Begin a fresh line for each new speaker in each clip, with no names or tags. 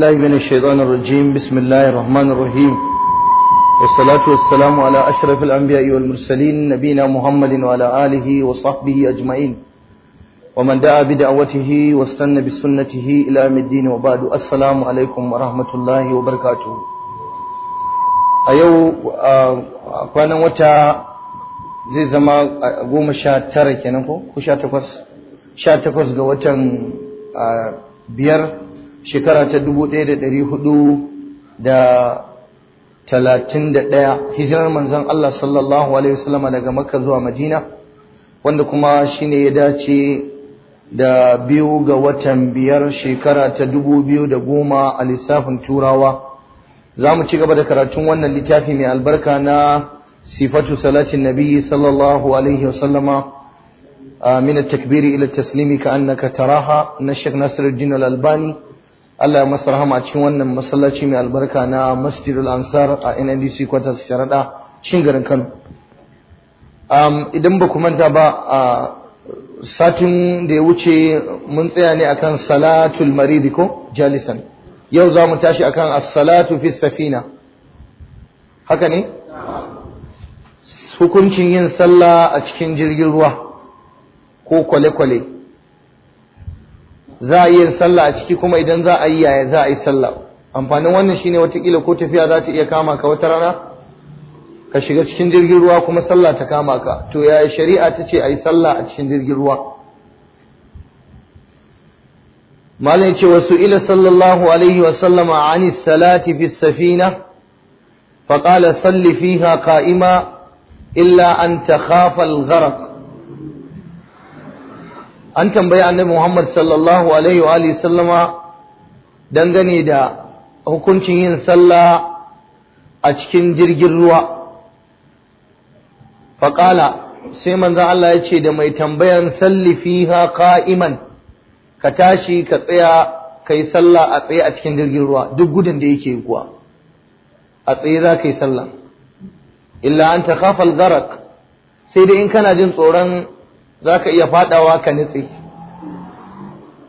Allah bin Shaitan Rajim, Bismillah ar-Rahman ar-Rahim. Wassalatu wassalamu ala ashraf al-anbiya wal mursalin nabina Muhammadin wa ala alihi wa sahbihi ajma'in. Wa man da'a bi da'watihi wa stanna bi sunnatihi ila yawmiddin wa ba'du. Assalamu alaikum wa rahmatullahi wa barakatuh. A yau a kwanan wata zai zama goma sha tara kenan ko? Ko sha takwas? Sha takwas ga watan biyar shekara ta dubu ɗaya da da da ɗari hudu talatin ɗaya hijirar manzon Allah sallallahu alaihi wasallam daga Makka zuwa Madina wanda kuma shi ne ya dace da biyu ga watan biyar shekara ta dubu biyu da goma a lissafin Turawa za mu ci gaba da karatun wannan littafi mai albarka na sifatu salatin Nabiyyu sallallahu alaihi wasallama من التكبير إلى التسليم كأنك تراها نشق نصر الدين الألباني Allah ya masa rahama cikin wannan masallaci mai albarka na Masjidul Ansar a NNDC quarters Sharada cikin garin Kano idan ba ku manta ba a satin da ya wuce mun tsaya ne akan salatul maridi ko jalisan yau za mu tashi akan as-salatu fi safina haka ne hukuncin yin sallah a cikin jirgin ruwa ko kwale-kwale za a yi sallah a ciki kuma idan za a yi yaya za a yi sallah amfanin wannan shine watakila ko tafiya za ta iya kama ka wata rana ka shiga cikin jirgin ruwa kuma sallah ta kama ka to yaya shari'a ta ce a yi sallah a cikin jirgin ruwa malam ce wasu ila sallallahu alaihi wa sallama ani salati fi safina فقال صل فيها قائما إلا أن تخاف الغرق an tambayi annabi Muhammad sallallahu alaihi wa alihi sallama dangane da hukuncin yin sallah a cikin jirgin ruwa faƙala sai manzon Allah ya ce da mai tambayan salli fiha qa'iman ka tashi ka tsaya kai sallah a tsaye a cikin jirgin ruwa duk gudun da yake kuwa a tsaye za ka yi sallah illa an ta kafal garak sai dai in kana jin tsoron za ka iya fadawa ka nutse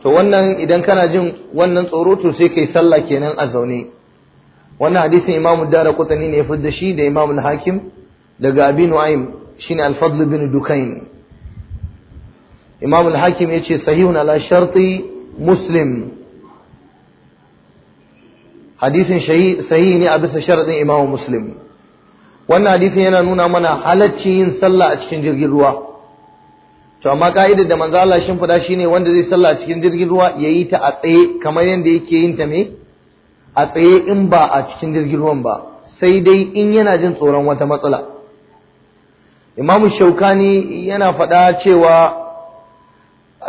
to wannan idan kana jin wannan tsoro to sai kai sallah kenan a zaune wannan hadisin imamu dara kutani ne ya fidda shi da imamu hakim daga abinu aim shine al-fadl bin dukain imamu hakim yace sahihun ala sharti muslim hadisin sahihi ne a bisa sharadin imamu muslim wannan hadisin yana nuna mana halaccin yin sallah a cikin jirgin ruwa to amma ka'idar da manzo Allah shin fada shine wanda zai sallah cikin jirgin ruwa yayi ta a tsaye kamar yanda yake yin ta me a tsaye in ba a cikin jirgin ruwan ba sai dai in yana jin tsoron wata matsala Imam Shaukani yana faɗa cewa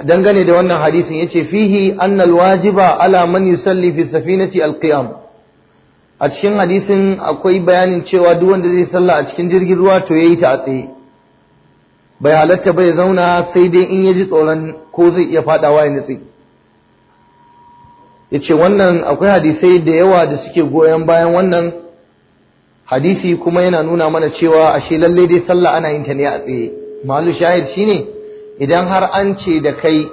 dangane da wannan hadisin yace fihi annal wajiba ala man yusalli fi safinati alqiyam a cikin hadisin akwai bayanin cewa duk wanda zai sallah a cikin jirgin ruwa to yayi ta a tsaye bai halatta bai zauna sai dai in ya ji tsoron ko zai iya fadawa ya nutse ya ce wannan akwai hadisai da yawa da suke goyon bayan wannan hadisi kuma yana nuna mana cewa ashe lalle dai sallah ana yin ta ne a tsaye malu shahid shine idan har an ce da kai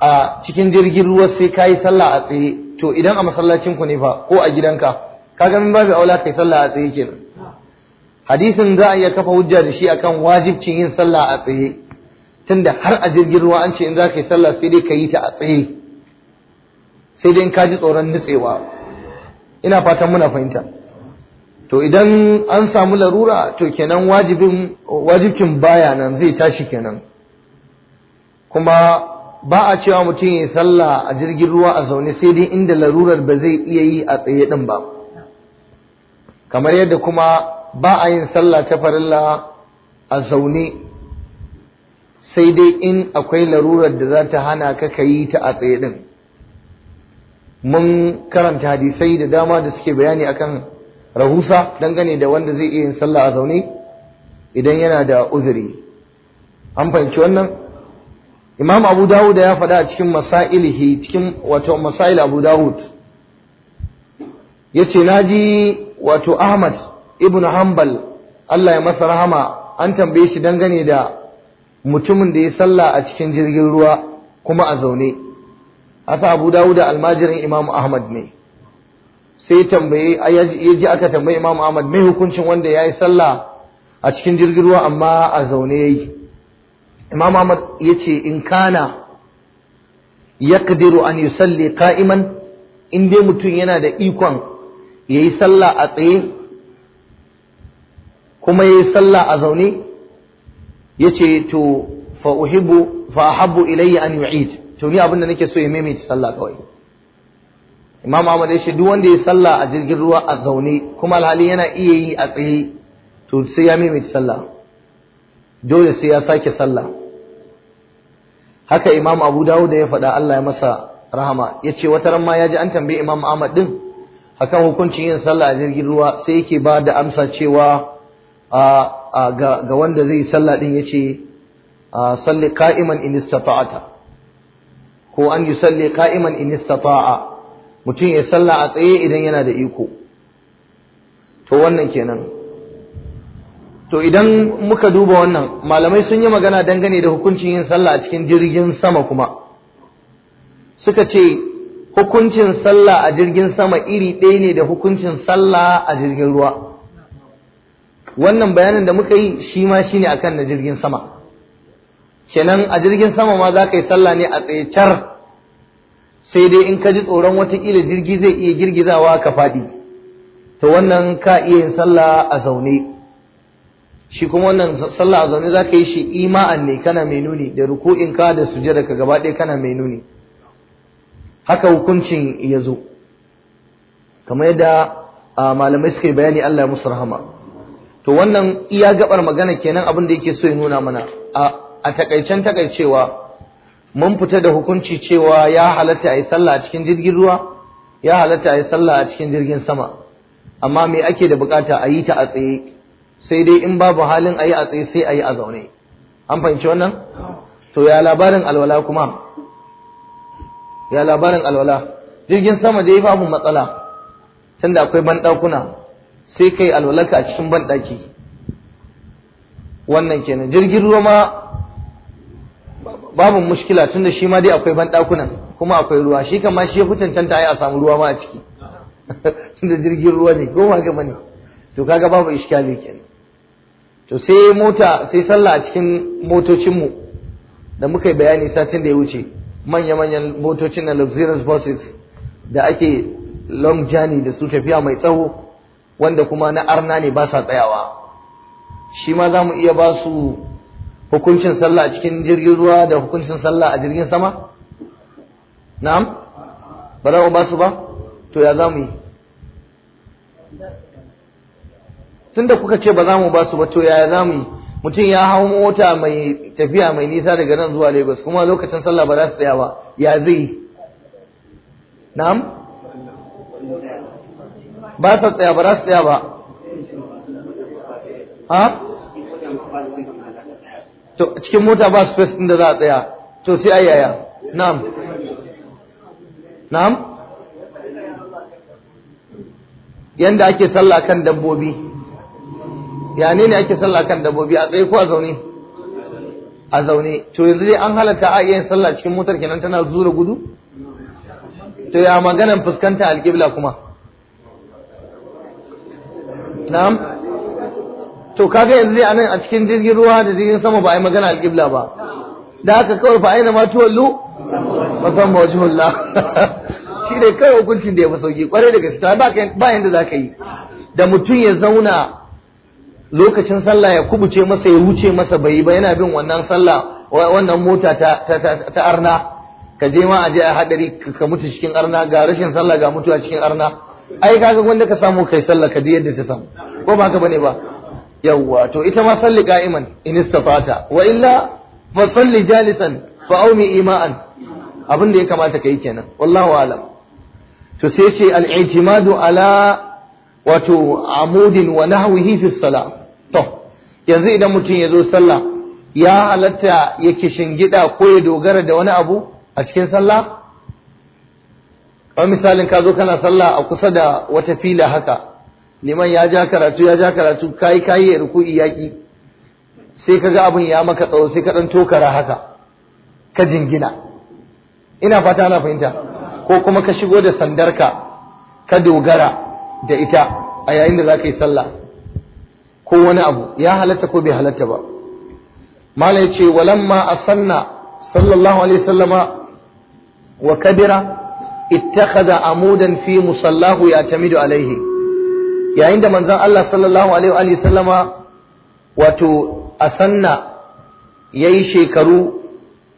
a cikin jirgin ruwa sai ka sallah a tsaye to idan a masallacin ku ne fa ko a gidanka ka ga min babu aula kai sallah a tsaye kenan hadisin za a iya kafa hujja da shi akan wajibcin yin sallah a tsaye tunda har a jirgin ruwa an ce in za ka yi sallah sai dai ka yi ta a tsaye sai dai in ka ji tsoron nutsewa ina fatan muna fahimta to idan an samu larura to kenan wajibin wajibcin baya nan zai tashi kenan kuma ba a cewa mutum ya yi sallah a jirgin ruwa a zaune sai dai inda larurar ba zai iya yi a tsaye din ba kamar yadda kuma ba a yin sallah ta farilla a zaune sai dai in akwai larurar da za ta hana ka ka yi ta a tsaye din mun karanta hadisai da dama da suke bayani akan rahusa dangane da wanda zai iya yin sallah a zaune idan yana da uzuri an fahimci wannan imam abu dawud ya faɗa a cikin masailihi cikin wato masail abu dawud ya ce na ji wato ahmad ibnu hanbal Allah ya masa rahama an tambaye shi dangane da mutumin da ya salla a cikin jirgin ruwa kuma a zaune asa abu dawud almajirin imamu ahmad ne sai tambaye ya ji aka tambaye imamu ahmad mai hukuncin wanda ya yi sallah a cikin jirgin ruwa amma a zaune ya yi imamu ahmad ya ce in kana kadiru an yusalli qa'iman in dai mutum yana da ikon yayi salla a tsaye kuma yayi sallah a zaune yace to fa uhibbu fa ahabbu ilayya an yu'id to ni abinda nake so ya maimaita sallah kawai Imam Ahmad ya ce duk wanda ya sallah a jirgin ruwa a zaune kuma alhali yana iya yi a tsaye to sai ya maimaita sallah dole sai ya sake sallah haka Imam Abu Dawud ya faɗa Allah ya masa rahama yace wata ran ma yaji an tambaye Imam Ahmad din akan hukuncin yin sallah a jirgin ruwa sai yake ba da amsa cewa ga wanda zai sallah din yace salli qa'iman in istata'ata ko an yusalli qa'iman in istata'a mutum ya salla a tsaye idan yana da iko to wannan kenan to idan muka duba wannan malamai sun yi magana dangane da hukuncin yin sallah a cikin jirgin sama kuma suka ce hukuncin sallah a jirgin sama iri ɗaya ne da hukuncin sallah a jirgin ruwa wannan bayanin da muka yi shi ma shine akan na jirgin sama kenan a jirgin sama ma za ka yi sallah ne a tsaye car sai dai in ka ji tsoron watakila jirgi zai iya girgizawa ka faɗi to wannan ka iya yin sallah a zaune shi kuma wannan sallah a zaune za ka yi shi ima'an ne kana mai nuni da ruku'in ka da sujada ka gaba ɗaya kana mai nuni haka hukuncin ya zo kamar yadda malamai suka yi bayani Allah ya musu rahama to wannan iya gabar magana kenan abin da yake so ya nuna mana a takaicen takaicewa mun fita da hukunci cewa ya halatta a yi sallah a cikin jirgin ruwa ya halatta a yi sallah a cikin jirgin sama amma me ake da bukata a yi ta a tsaye sai dai in babu halin a yi a tsaye sai a yi a zaune an fahimci wannan to ya labarin alwala kuma ya labarin alwala jirgin sama dai babu matsala tunda akwai banɗakuna sai kai alwalaka a cikin banɗaki wannan kenan jirgin ruwa ma babu mushkila tunda shi ma dai akwai banɗakunan kuma akwai ruwa shi kan ma shi ya fi cancanta ai a samu ruwa ma a ciki tunda jirgin ruwa ne ko haka ne. to kaga babu iskali kenan to sai mota sai sallah a cikin motocinmu da muka yi bayani satin da ya wuce manya-manyan motocin na luxurious buses da ake long journey da su tafiya mai tsawo wanda kuma na arna ne ba sa tsayawa shi ma za mu iya ba su hukuncin sallah a cikin jirgin ruwa da hukuncin sallah a jirgin sama na'am ba za mu ba su ba to ya za mu yi tunda kuka ce ba za mu ba su ba to ya za mu yi mutum ya hau mota mai tafiya mai nisa daga nan zuwa Lagos kuma lokacin sallah ba za su tsaya ba ya zai na'am
ba sa tsaya ba za su tsaya ba ha to cikin mota ba space din
da za a tsaya to sai ayaya na'am na'am
yanda ake sallah kan
dabbobi ya ne ne ake sallah kan dabbobi a tsaye ko a zaune a zaune to yanzu dai an halatta a iya yin sallah cikin motar kenan tana zura gudu to ya maganan fuskanta alƙibla kuma na'am to kaga yanzu a anan a cikin jirgin ruwa da jirgin sama ba a yi magana alƙibla ba da haka kawai fa aina ma tuwallu musamman wajhullah shi ne kawai hukuncin da ya fi sauki kwarai da gaske ba ba yanda za ka yi da mutum ya zauna lokacin sallah ya kubuce masa ya wuce masa bai yi ba yana bin wannan sallah wannan mota ta arna ka je ma a je a hadari ka mutu cikin arna ga rashin sallah ga mutuwa cikin arna ai kaga wanda ka samu kai sallah ka yadda ta samu ko ba ka bane ba yawwa to ita ma salli qa'iman in istafata wa illa fa salli jalisan fa aumi ima'an abin da ya kamata kai kenan wallahu alam to sai ce al-i'timadu ala wato amudin wa nahwihi fi salah to yanzu idan mutum ya zo sallah ya halatta ya shingida ko ya dogara da wani abu a cikin sallah kamar misalin ka zo kana sallah a kusa da wata fila haka liman ya ja karatu ya ja karatu kayi kayi ya ruku'i yaki sai kaga abun ya maka tsawo sai ka dan tokara haka ka jingina ina fata ana fahimta ko kuma ka shigo da sandarka ka dogara da ita a yayin da zaka yi sallah ko wani abu ya halatta ko bai halatta ba mala ce walamma asanna sallallahu alaihi wasallama wa kabira ittakhadha amudan fi musallahu yatamidu alaihi yayin da manzon Allah sallallahu alaihi wa sallama wato asanna yayi shekaru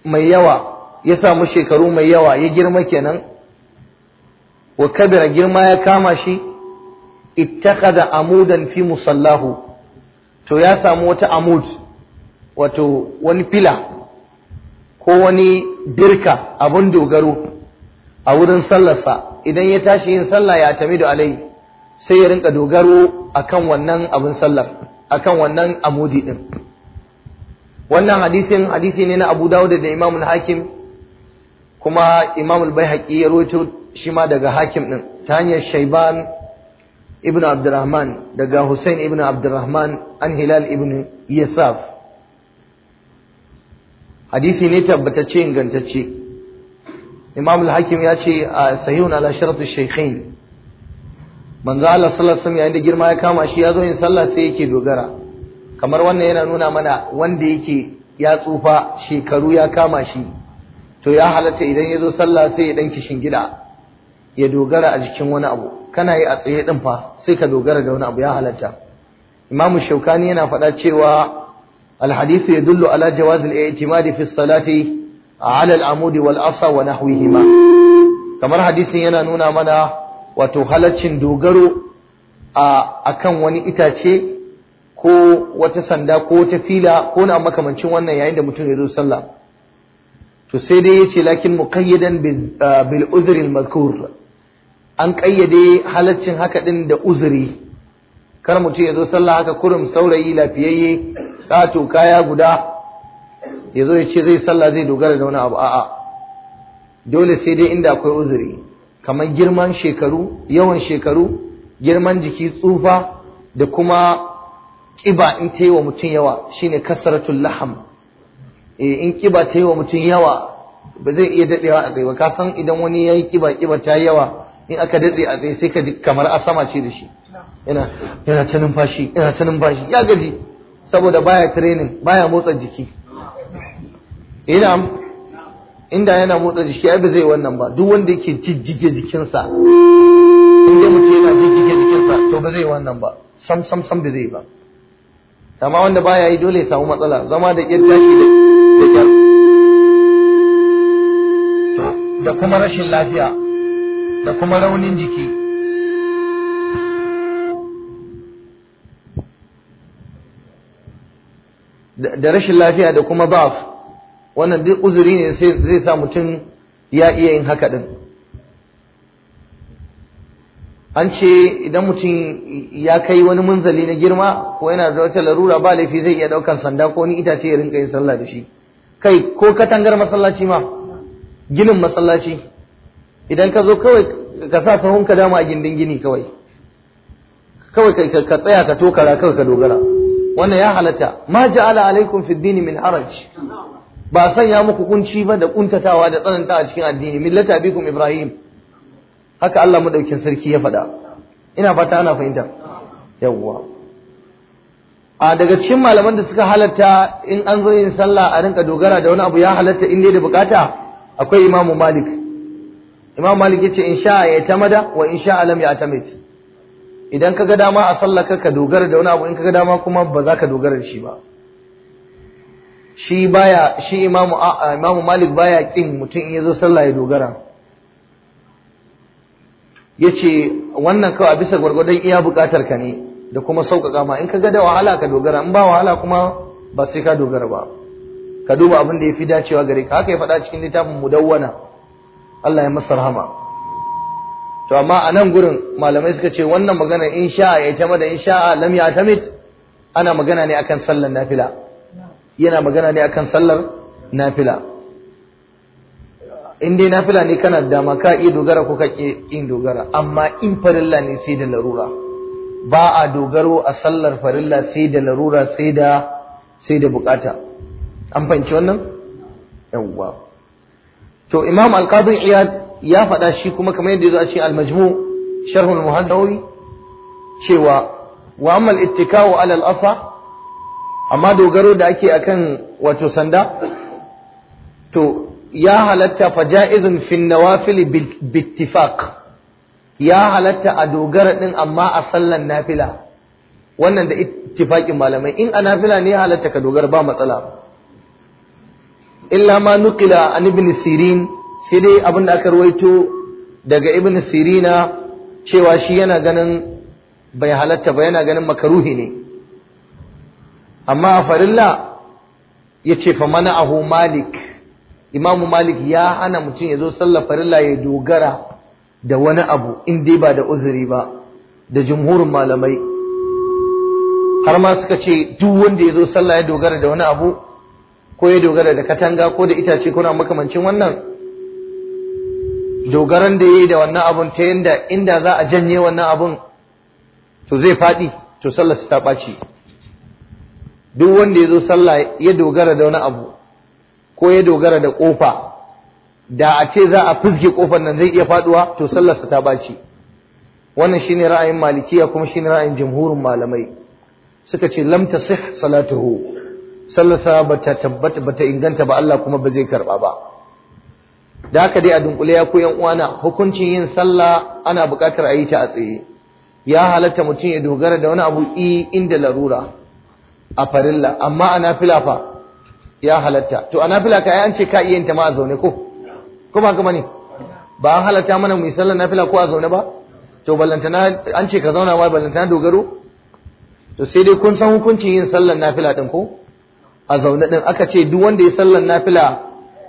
mai yawa ya samu shekaru mai yawa ya girma kenan wa kabira girma ya kama shi ittakhadha amudan fi musallahu to ya samu wata amud wato wani fila ko wani birka abun dogaro a wurin sallarsa idan ya tashi yin sallah ya tami da alai sai ya rinka dogaro akan wannan abin sallar akan wannan amudi din wannan hadisin hadisi ne na Abu Dawud da Imam al-Hakim kuma Imam al-Baihaqi ya rawaito shi ma daga Hakim ɗin, ta hanyar Shayban ibn Abdurrahman daga Hussein ibn Abdurrahman an Hilal ibn Yasaf hadisi ne tabbatacce ingantacce imam al-hakim ya ce a sahihun ala sharatu shaykhain manzo Allah sallallahu alaihi wasallam ya girma ya kama shi ya zo yin sallah sai yake dogara kamar wannan yana nuna mana wanda yake ya tsufa shekaru ya kama shi to ya halatta idan ya zo sallah sai ya dan kishin gida ya dogara a jikin wani abu kana yi a tsaye din fa sai ka dogara da wani abu ya halatta imam shaukani yana faɗa cewa الحديث يدل على itimadi fi في salati. على العمود amudi wal كما wa nahwihima kamar hadisin yana nuna mana wato halaccin dogaro a akan wani itace ko wata sanda ko wata fila ko na makamancin wannan yayin da mutum ya zo sallah to sai dai yace lakin muqayyadan bil uzri al madhkur an kayyade halaccin haka din da uzuri kar mutum ya zo sallah haka kurum saurayi lafiyayye to kaya guda ya zo ya ce zai sallah zai dogara da wani abu a'a dole sai dai inda akwai uzuri kamar girman shekaru yawan shekaru girman jiki tsufa da kuma ƙiba in ta yi wa mutum yawa shine kasaratul laham eh, in ƙiba ta yi wa mutum yawa ba zai iya daɗewa a tsaye ba ka san idan wani ya yi ƙiba ƙiba ta yi yawa in aka daɗe a tsaye sai ka ji kamar a sama ce da shi yana ta numfashi yana ta numfashi ya gaji saboda baya training baya motsa jiki ina eh, inda yana motsa jiki ai ba zai wannan ba duk wanda yake jijjige jikinsa in dai mutum yana jijjige jikinsa to ba zai wannan ba sam sam sam ba zai ba amma wanda baya yi dole ya samu matsala zama da ƙyar tashi da ƙyar da kuma rashin lafiya da kuma raunin jiki da rashin lafiya da kuma baf wannan duk uzuri ne sai zai sa mutum ya iya yin haka din an ce idan mutum ya kai wani munzali na girma ko yana da wata larura ba laifi zai iya daukan sanda ko ni itace ya rinka yin sallah da shi kai ko katangar masallaci ma ginin masallaci idan ka zo kawai ka sa sahun ka dama a gindin gini kawai kawai ka tsaya ka tokara kawai ka dogara wannan ya halatta ma ja'ala alaikum fid dini min haraj ba ya muku kunci ba da kuntatawa da tsananta a cikin addini millata bikum ibrahim haka Allah madaukin sarki ya faɗa ina fata ana fahimta yawa a daga cikin malaman da suka halarta in an zo yin sallah a rinka dogara da wani abu ya halarta in dai da bukata akwai imamu malik imamu malik yace in sha ya tamada wa in sha alam ya tamit idan kaga dama a sallah ka dogara da wani abu in kaga dama kuma ba za ka dogara da shi ba shi baya shi imamu imamu malik baya kin mutum in yazo sallah ya dogara yace wannan kawai a bisa gwargwadon iya bukatar ka ne da kuma sauƙaƙa ma in ka ga da wahala ka dogara in ba wahala kuma ba sai ka dogara ba ka duba abin da ya fi dacewa gare ka haka ya faɗa cikin littafin mudawwana Allah ya masa rahama to amma a nan gurin malamai suka ce wannan magana in sha'a ya ta da in sha'a lam ya tamit ana magana ne akan sallan nafila yana magana ne akan sallar nafila in dai nafila ne kana dama ka iya dogara ko ka yin dogara amma in farilla ne sai da larura ba a dogaro a sallar farilla sai da larura sai da sai da bukata an fahimci wannan yawwa to imam al-qadi iyad ya faɗa shi kuma kamar yadda yazo a cikin al-majmu sharh al-muhaddawi cewa wa amma al-ittika'u ala al asah amma dogaro da ake akan wato sanda to ya halatta faja'izun fin nawafil bittifaq ya halatta a dogara din amma a sallan nafila wannan da ittifaqin malamai in a nafila ne halatta ka dogara ba matsala illa ma nuqila an ibn sirin sai dai abinda aka ruwaito daga ibn sirina cewa shi yana ganin bai halatta ba yana ganin makaruhi ne amma a farilla ya ce fa mana ahu malik imamu malik ya hana mutum ya zo sallar farilla ya dogara da wani abu in dai ba da uzuri ba da jumhurin malamai har ma suka ce duk wanda ya zo sallah ya dogara da wani abu ko ya dogara da katanga ko da itace ko na makamancin wannan dogaran da ya yi da wannan abun ta yanda inda za a janye wannan abun to zai faɗi to sallar ta ɓaci duk wanda ya zo sallah ya dogara da wani abu ko ya dogara da kofa da a ce za a fuske kofar nan zai iya faduwa to sallarsa ta baci wannan shine ra'ayin malikiya kuma shine ra'ayin jumhurin malamai suka ce lam tasih salatuhu sallarsa bata tabbata bata inganta ba Allah kuma ba zai karba ba da haka dai a dunkule ya 'yan uwana hukuncin yin sallah ana buƙatar a yi ta a tsaye ya halatta mutum ya dogara da wani abu i inda larura a farilla amma a nafila fa ya halatta to a nafila ka an ce ka iya yin ta ma a zaune ko ko ba kuma ne ba an halatta mana mu sallar nafila ko a zaune ba to ballantana an ce ka zauna ma ballantana dogaro to sai dai kun san hukuncin yin sallar nafila din ko a zaune din aka ce duk wanda ya sallar nafila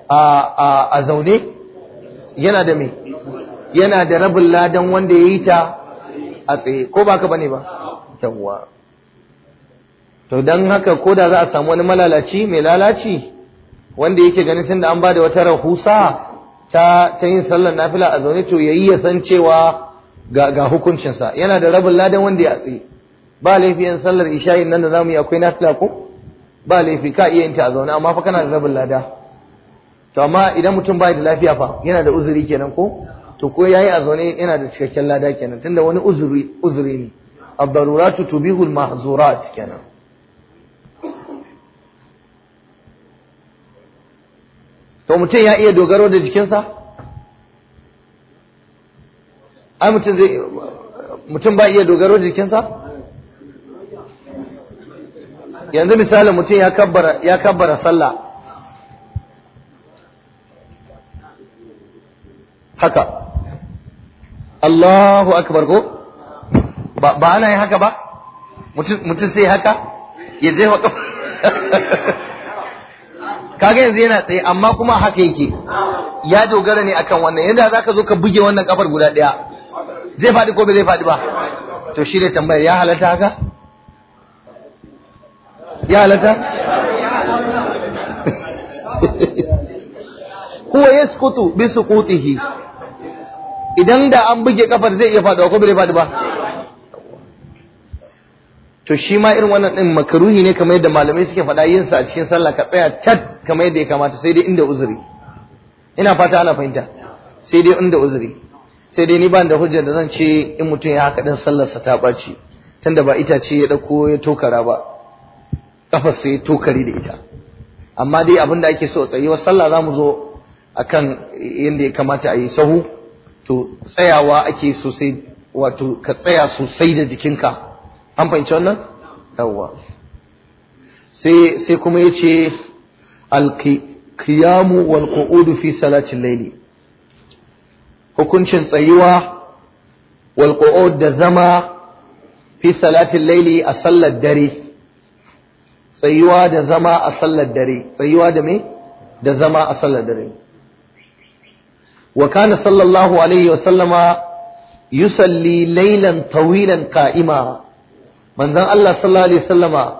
a a a zaune yana da me yana da rabin ladan wanda ya yi ta a tsaye ko ba ka bane ba yawwa to dan haka ko da za a samu wani malalaci mai lalaci wanda yake ganin da an bada wata rahusa ta ta yin sallar nafila a zaune to yayi ya san cewa ga ga hukuncin sa yana da rabin ladan wanda ya tsaye ba laifi yin sallar isha'i nan da zamu yi akwai nafila ko ba laifi ka iya yin ta a zaune amma fa kana da rabin lada to amma idan mutum bai da lafiya fa yana da uzuri kenan ko to ko yayi a zaune yana da cikakken lada kenan tunda wani uzuri uzuri ne الضرورات tubihul mahzurat kenan. to mutum ya iya dogaro da jikinsa ai mutum zai mutum ba iya dogaro da jikinsa
yanzu misali mutum ya kabbara
sallah haka Allahu akbar ko ba ana yi haka ba mutum sai haka ya je haka kaga yanzu yana tsaye amma kuma haka yake ya dogara ne akan wannan yanda zaka zo ka buge wannan kafar guda daya zai faɗi ko bai zai faɗi ba to shi ne tambayar ya halatta haka ya halatta huwa yasqutu bi suqutihi idan da an buge kafar zai iya faɗuwa ko bai faɗi ba to shi ma irin wannan din makaruhi ne kamar yadda malamai suke faɗa yin sa a cikin sallah ka tsaya cat kamar yadda ya kamata sai dai inda uzuri ina fata ana fahimta sai dai inda uzuri sai dai ni ban da hujjar da zan ce in mutum ya haka din sallar sa ta ɓaci tunda ba itace ya ɗauko ya tokara ba kafar sai tokari da ita amma dai abin da ake so a tsayuwar sallah za mu zo akan yadda ya kamata a yi sahu to tsayawa ake sosai wato ka tsaya sosai da jikinka an fahimci wannan yawwa sai sai kuma ya ce qiyamu wal fi salatil laili. hukuncin tsayuwa wal da zama fi salatil laili a sallar dare tsayuwa da zama a sallar dare tsayuwa da me da zama a sallar dare wa kana sallallahu alaihi wa sallama yusalli laylan tawilan qa'ima manzon Allah sallallahu alaihi wasallama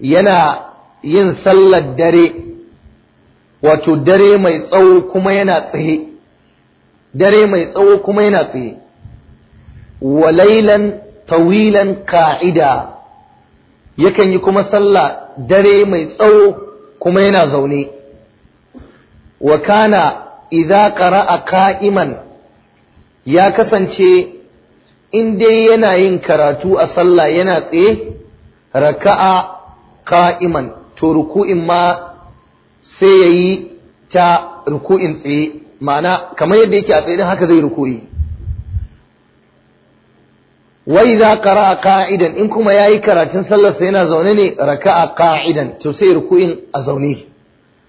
yana yin sallar dare wato dare mai tsawo kuma yana tsaye dare mai tsawo kuma yana tsaye wa lailan tawilan ka'ida yakan yi kuma sallah dare mai tsawo kuma yana zaune wa kana idza qara'a ka'iman ya kasance in dai yana yin karatu a sallah yana tsaye raka'a ka'iman to ruku'in ma sai yayi ta ruku'in tsaye ma'ana kamar yadda yake a tsaye din haka zai ruku'i wai za qara'a qa'idan in kuma yayi karatun sallarsa yana zaune ne raka'a qa'idan to sai ruku'in a zaune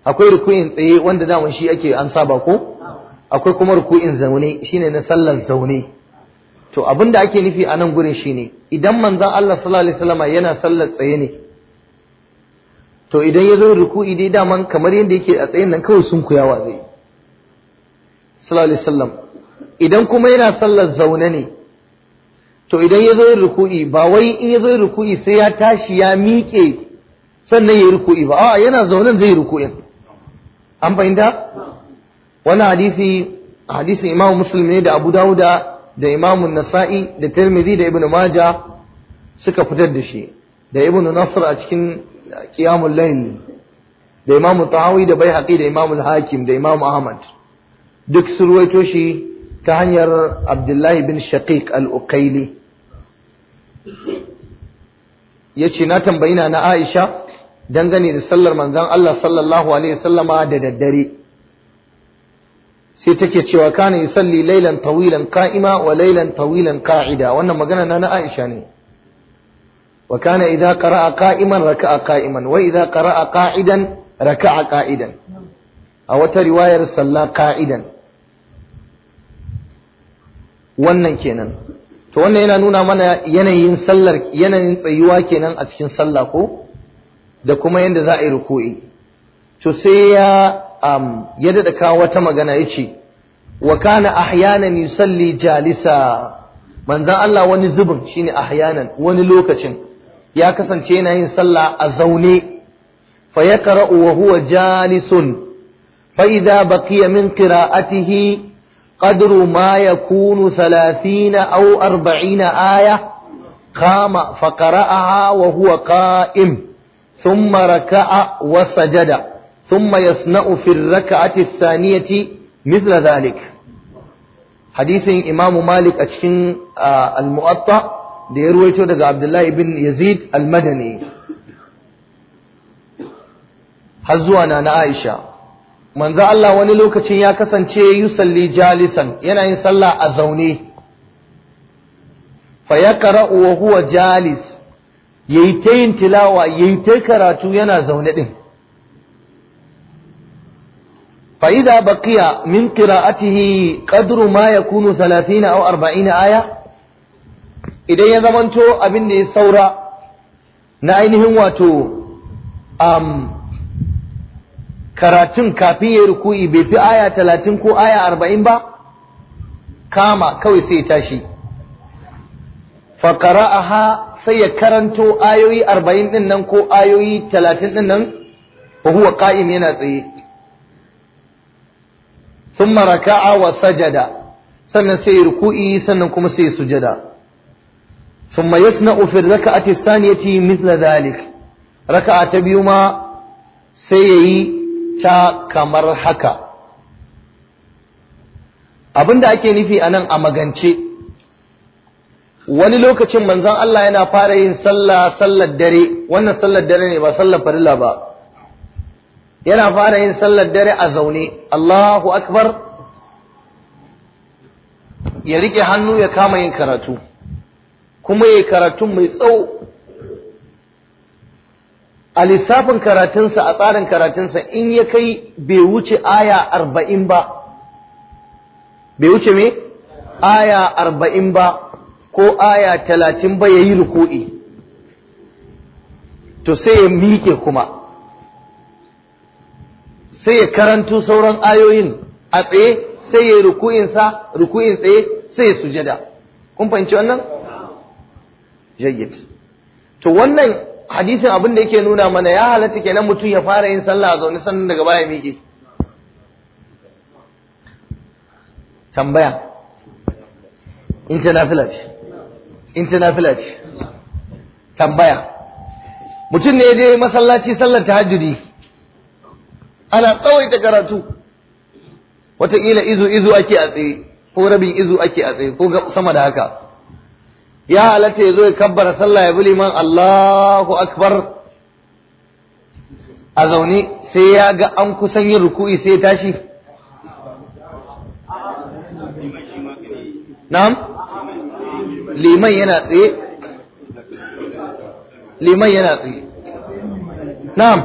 akwai ruku'in tsaye wanda dama shi ake an saba ko akwai kuma ruku'in zaune shine na sallar zaune to abin da ake nufi a nan gurin ne, idan manzan Allah sallallahu alaihi wasallam yana sallar tsaye ne to idan ya zo ruku'i dai daman kamar yadda yake a tsayin nan kawai sun kuyawa zai sallallahu alaihi wasallam idan kuma yana sallar zaune ne to idan ya zo yin ruku'i ba wai in ya zo yin ruku'i sai ya tashi ya miƙe sannan ya yi ruku'i ba a yana zaune zai yi ruku'in an fahimta wani hadisi hadisin imam muslim ne da abu dawuda da imamun nasa'i da tirmidhi da Ibn maja suka fitar da shi da Ibn nasr a cikin qiyamul layl da imamu tahawi da baihaqi da imamu hakim da imamu ahmad duk sun ruwaito shi ta hanyar abdullahi bin shaqiq al-uqaili yace na tambayi na Aisha dangane da sallar manzon Allah sallallahu alaihi wasallama da daddare sai take cewa kana yusalli laylan tawilan qa'ima wa laylan tawilan qa'ida wannan magana na na Aisha ne wa kana idza qara'a qa'iman raka'a qa'iman wa idza qara'a qa'idan raka'a qa'idan a wata riwayar salla qa'idan wannan kenan to wannan yana nuna mana yanayin sallar yanayin tsayuwa kenan a cikin sallah ko da kuma yanda za a yi ruku'i to sai ya ya dada kawo wata magana yace wa kana ahyanan yusalli jalisa manzon Allah wani zubin shine ahyanan wani lokacin ya kasance yana yin sallah a zaune fa yaqra'u wa huwa jalisun fa idza baqiya min qira'atihi qadru ma yakunu 30 aw 40 aya kama fa qara'aha wa huwa qa'im thumma raka'a wa sajada ثم يصنع في الركعة الثانية مثل ذلك حديث إمام مالك أتشن المؤطأ ديرويته دقى عبد الله بن يزيد المدني هزوانا نعائشة من ذا الله wani lokacin ya kasance yusalli jalisan yana yin sallah a zaune fa yaqra'u wa huwa jalis yayi ta yin tilawa yayi ta karatu yana zaune ɗin. فإذا بقي من قراءته قدر ما يكون ثلاثين أو أربعين آية إذا يزمنتو أبن الثورة نعينهم واتو أم karatun kafin ya ruku'i bai fi aya talatin ko aya arba'in ba kama kawai sai ya tashi faƙara'aha sai ya karanto ayoyi arba'in ɗin nan ko ayoyi talatin ɗin nan ba huwa ƙa'im yana tsaye ثم ركع وسجد sannan sai ruku'i sannan kuma sai sujada ثم يصنع في الركعة الثانية مثل ذلك ركعة بيوما سيئي kamar haka. Abin abinda ake nufi anan a magance wani lokacin manzon Allah yana fara yin sallah sallar dare wannan sallar dare ne ba sallar farilla ba yana fara yin sallar dare a zaune Allahu akbar ya rike hannu ya kama yin karatu kuma ya karatu mai tsawo a lissafin karatunsa a tsarin karatunsa in ya kai bai wuce aya arba'in ba bai wuce me aya arba'in ba ko aya talatin ba ya yi ruku'i to sai ya miƙe kuma sai ya karanto sauran ayoyin a tsaye sai ya ruku'in sa ruku'in tsaye sai ya sujada kun fahimci wannan jayyid to wannan hadisin abin da yake nuna mana ya halatta kenan mutum ya fara yin sallah a zaune sannan daga baya miƙe tambaya intanafila ce tambaya mutum ne ya je masallaci sallar tahajjudi ana tsawaita karatu wataƙila izu izu ake a tsaye ko rabin izu ake a tsaye ko sama da haka ya halatta ya zo ya kabbara sallah ya bi man Allahu akbar a zaune sai ya ga an kusan yin ruku'i sai ya tashi na'am liman yana tsaye liman yana tsaye na'am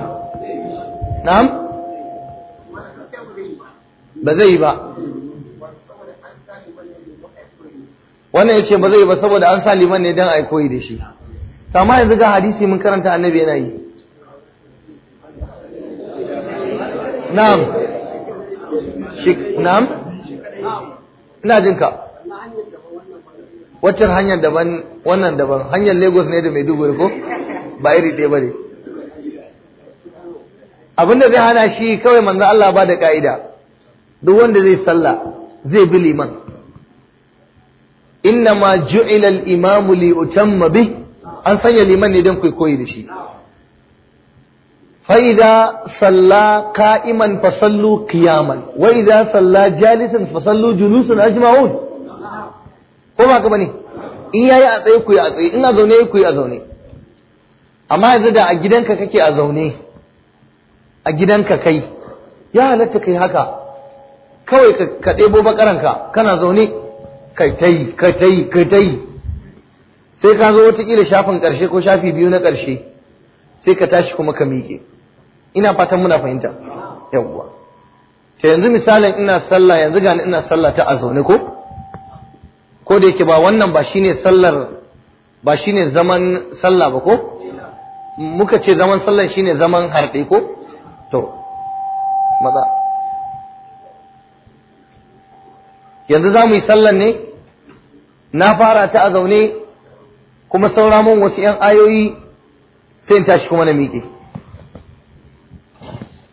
na'am ba zai ba
wannan ya ce ba zai ba saboda an sa liman ne don a koyi da shi amma yanzu ga hadisi mun karanta annabi yana yi
na'am shi na'am ina jin ka waccan hanyar
daban wannan daban hanyar lagos ne da maiduguri ko ba iri ɗaya ba ne abinda zai hana shi kawai manzo Allah ba da ka'ida duk wanda zai sallah zai bi liman inna ma ju'ila al-imam li utamma bi an sanya liman ne don ku koyi da shi fa idza salla qa'iman fa sallu qiyaman wa idza salla jalisan fa sallu julusan ajma'un ko ba ka bane in yayi a tsaye ku yi a tsaye in a zaune ku yi a zaune amma yanzu da a gidanka kake a zaune a gidanka kai ya halatta kai haka kawai ka ɗebo bakaranka kana zaune kai ta yi kai ta yi kai ta yi sai ka zo watakila shafin ƙarshe ko shafi biyu na ƙarshe sai ka tashi kuma ka miƙe ina fatan muna fahimta yawwa ta yanzu misalin ina sallah yanzu gani ina sallah ta a zaune ko ko da yake ba wannan ba shine sallar ba shine zaman sallah ba ko muka ce zaman sallah shine zaman harɗe ko to maza yanzu za mu yi sallan ne na fara ta a zaune kuma saura mun wasu 'yan ayoyi sai in tashi kuma na miƙe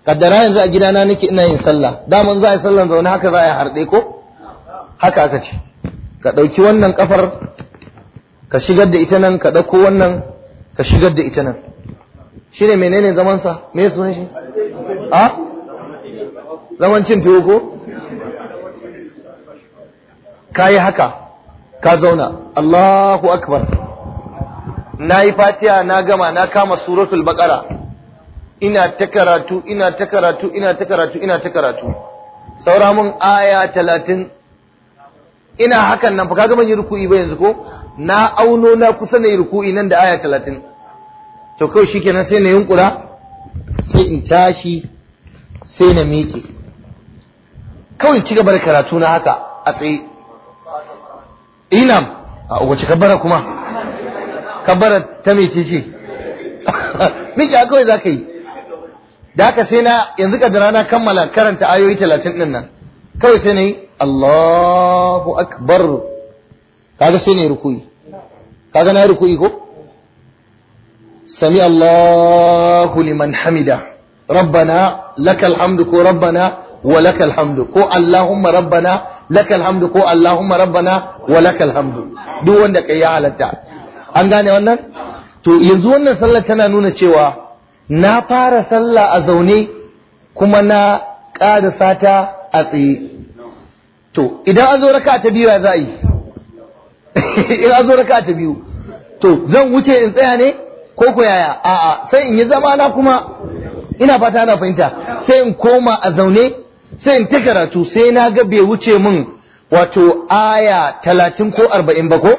kaddara yanzu a gidana nake ina yin sallah daman za a yi sallan zaune haka za a yi harɗe ko haka aka ce ka ɗauki wannan ƙafar ka shigar da ita nan ka ɗauko wannan ka shigar da ita nan shi ne menene zamansa me sunan shi a ah? zaman cin tuwo ko ka yi haka ka zauna Allahu akbar na yi fatiha na gama na kama suratul bakara ina ta karatu ina ta karatu ina ta karatu ina ta karatu saura mun aya talatin ina hakan nan fa kaga ban yi ruku'i ba yanzu ko na auno na kusa na yi ruku'i nan da aya talatin to kawai shikenan sai na yunkura sai in tashi sai na miƙe kawai ci gaba da karatu na haka a tsaye inam a wace kabbara kuma kabbara ta mece ce miki a kawai za ka yi da haka sai na yanzu kadara na kammala karanta ayoyi talatin ɗin nan kawai sai na yi Allahu akbar kaga sai na yi rukuyi kaga na yi rukuyi ko sami Allahu liman hamida rabbana lakal hamdu ko rabbana wa lakal hamdu ko Allahumma rabbana lakal alhamdu ko Allahumma rabbana wa laka alhamdu duk wanda kai ya halatta an gane wannan to yanzu wannan sallar tana nuna cewa na fara sallah a zaune kuma na ƙara sata a tsaye to idan an zo raka ta biyu za a yi idan an zo raka ta biyu to zan wuce in tsaya ne ko ko yaya a'a sai in yi zama na kuma ina fata ana fahimta sai in koma a zaune sai in ta karatu sai na ga bai wuce min wato aya talatin ko arba'in ba ko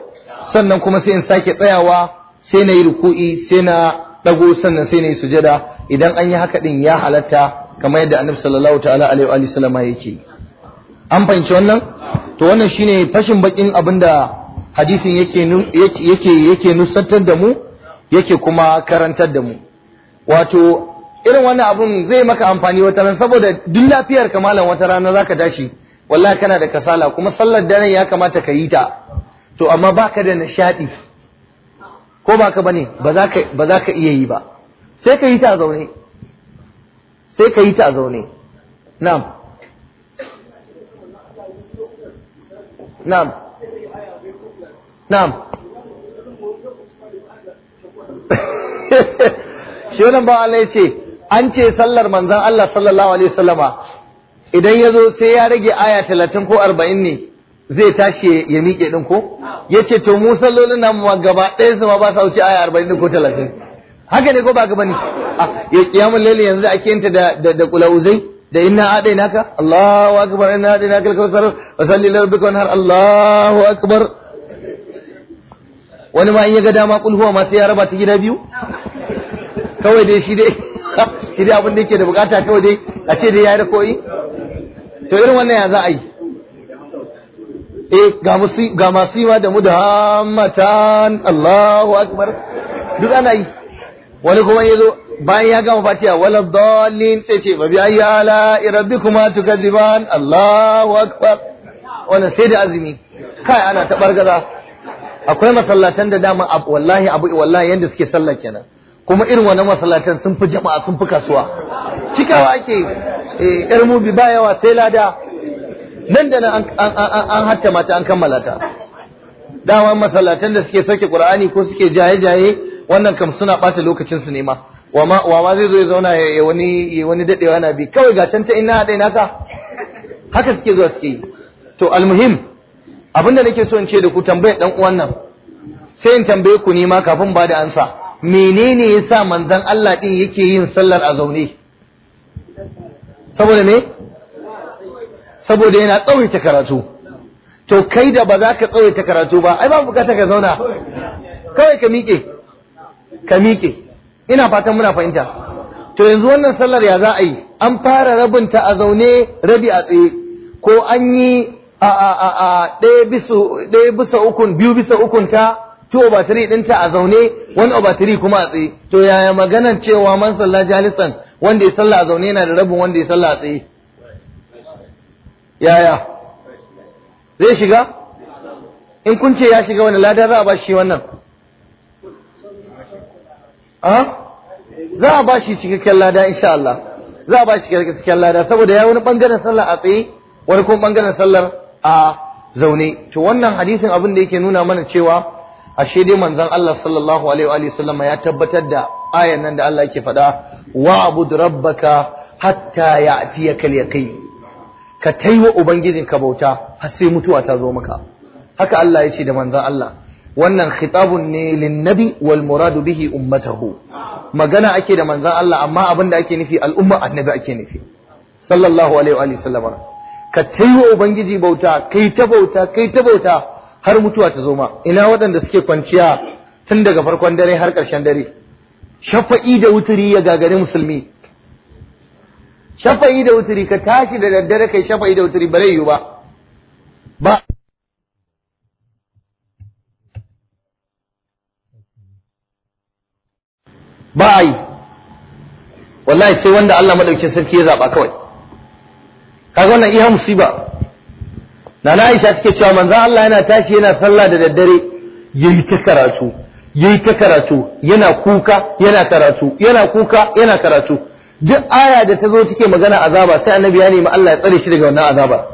sannan kuma sai in sake tsayawa sai na yi ruku'i sai na ɗago sannan sai na yi sujada idan an yi haka ɗin ya halatta kamar yadda annabi sallallahu ta'ala alaihi wa sallama yake an fahimci wannan to wannan shine fashin bakin da hadisin yake yake yake nusantar da mu yake kuma karantar da mu wato irin wannan abun zai maka amfani wata ran saboda duk lafiyar ka malam wata rana zaka tashi wallahi kana da kasala kuma sallar dare ya kamata ka yi ta to amma baka da nishadi ko baka bane ba za ka ba za ka iya yi ba sai ka yi ta a zaune sai ka yi ta a zaune na'am na'am na'am shi wannan ba Allah ya ce an ce sallar manzan Allah sallallahu alaihi wasallama idan ya zo sai ya rage aya talatin ko arba'in ne zai tashi ya miƙe ɗin ko ya ce to mu sallolin na ma gaba ɗaya su ma ba sa wuce aya arba'in ko talatin haka ne ko ba gaba ne ah, ya kiyamun lele yanzu ake yin da da kulauzai da inna aɗai naka Allahu akbar inna aɗai naka al-kawsar wa salli li rabbika har Allahu akbar wani ma in ya ga dama kulhuwa ma sai ya raba ta gida biyu kawai dai shi dai kaf shi dai abin da yake da bukata kawai dai a ce dai yi rako'i to irin wannan ya za a yi eh ga masu ga masu yiwa da mudammatan Allahu akbar duk ana yi wani kuma ya zo bayan ya gama Fatiya, wala dallin sai ce babi ayi ala tuka tukaziban Allahu akbar wannan sai da azumi kai ana ta bargaza akwai masallatan da dama wallahi abu wallahi yanda suke sallah kenan kuma irin wannan masallatan sun fi jama'a sun fi kasuwa
cikawa ake
yar eh, mubi ba yawa sai lada nan da nan an hatta mata an kammala ta dama masallatan da suke sauke qur'ani ko suke jaye-jaye wannan kam suna bata lokacin su nema wa ma zai zo ya zauna ya wani wani dadewa yana bi kawai ga can ta ina haɗe naka haka suke zuwa suke yi to almuhim abinda nake so in ce da ku tambayar dan uwan nan sai in tambaye ku nema kafin ba da ansa menene yasa manzon Allah din yake yin sallar a zaune saboda ne saboda yana tsawaita karatu to kai da ba za ka tsawaita karatu ba ai ba bukata ka zauna kawai ka miƙe ka miƙe ina fatan muna fahimta to yanzu wannan sallar ya za a yi an fara rabinta a zaune rabi a tsaye ko an yi a a a ɗaya bisa ukun biyu bisa ukun ta to over 3 ta a zaune wani over tiri kuma a tsaye to yaya maganar cewa man sallah jalisan wanda ya sallah a zaune yana da rabin wanda ya sallah a tsaye yaya zai shiga in kun ce ya shiga wani lada za a bashi shi wannan a za a bashi cikakken lada insha Allah za a bashi cikakken lada saboda ya wani bangaren sallah a tsaye wani kuma bangaren sallar a zaune to wannan hadisin abin da yake nuna mana cewa ashe dai manzon Allah sallallahu alaihi wa sallama ya tabbatar da ayan nan da Allah yake faɗa wa abud rabbaka hatta ya'tiyaka al-yaqin ka taiwa ka bauta har sai mutuwa ta zo maka haka Allah ya ce da manzon Allah wannan khitabun ne linnabi wal muradu bihi ummatahu magana ake da manzon Allah amma abinda ake nufi al'umma annabi ake nufi sallallahu alaihi wa sallama ka taiwa ubangiji bauta kai ta bauta kai ta bauta har mutuwa ta zo ma ina waɗanda suke kwanciya tun daga farkon dare har ƙarshen dare shafa'i da wuturi ya gagari musulmi shafa'i da wuturi ka tashi da daddare kai shafa'i da wuturi bare yiwu ba ba ba a yi wallahi sai wanda Allah madaukin sarki ya zaɓa kawai kaga wannan iya musiba nana Aisha take cewa manzon Allah yana tashi yana sallah da daddare yayi ta karatu ta karatu yana kuka yana karatu yana kuka yana karatu duk aya da ta zo take magana azaba sai annabi ya nemi Allah ya tsare shi daga wannan azaba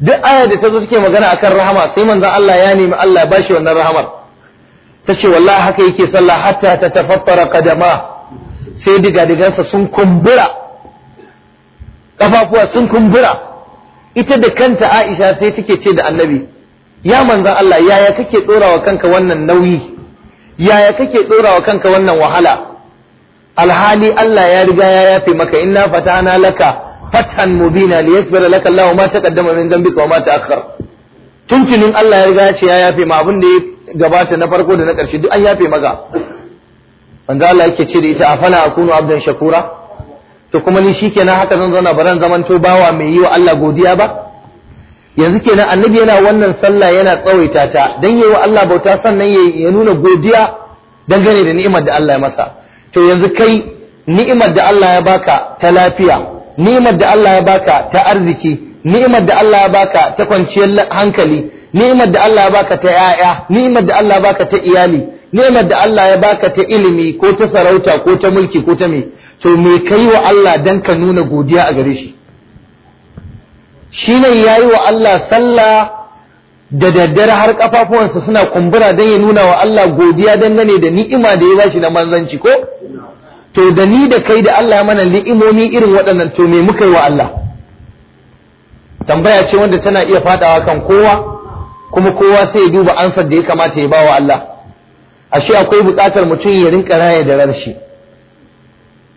duk aya da ta zo take magana akan rahama sai manzon Allah ya nemi Allah ya bashi wannan rahamar ce wallahi haka yake sallah hatta ta tafaffara qadama sai diga digansa sun kumbura kafafuwa sun kumbura ita da kanta Aisha sai take ce da annabi ya manzan Allah yaya kake ɗorawa kanka wannan nauyi yaya kake ɗorawa kanka wannan wahala alhali Allah ya riga ya yafe maka inna fatana laka fathan mubina li yaghfira laka Allahu ma taqaddama min dhanbika wa ma ta'akhkhar tuntunin Allah ya riga ya ce ya yafe ma abin da ya gabata na farko da na ƙarshe duk an yafe maka manzo Allah yake ce da ita afala akunu abdan shakura to kuma ni shi kenan haka zan zauna baran zamanto bawa mai yi wa Allah godiya ba yanzu kenan annabi yana wannan sallah yana tsawaita ta dan yayi wa Allah bauta sannan ya nuna godiya dangane da ni'imar da Allah ya masa to yanzu kai ni'imar da Allah ya baka ta lafiya ni'imar da Allah ya baka ta arziki ni'imar da Allah ya baka ta kwanciyar hankali ni'imar da Allah ya baka ta yaya ni'imar da Allah ya baka ta iyali ni'imar da Allah ya baka ta ilimi ko ta sarauta ko ta mulki ko ta me to me kai wa Allah dan ka nuna godiya a gare shi shine yayi wa Allah sallah da daddare har kafafuwansa suna kumbura dan ya nuna wa Allah godiya dangane da ni'ima da ya bashi na manzanci ko to da ni da kai da Allah mana ni'imomi irin waɗannan to me muka yi wa Allah tambaya ce wanda tana iya fadawa kan kowa kuma kowa sai ya duba ansar da ya kamata ya ba wa Allah ashe akwai buƙatar mutum ya rinka raya da rarshi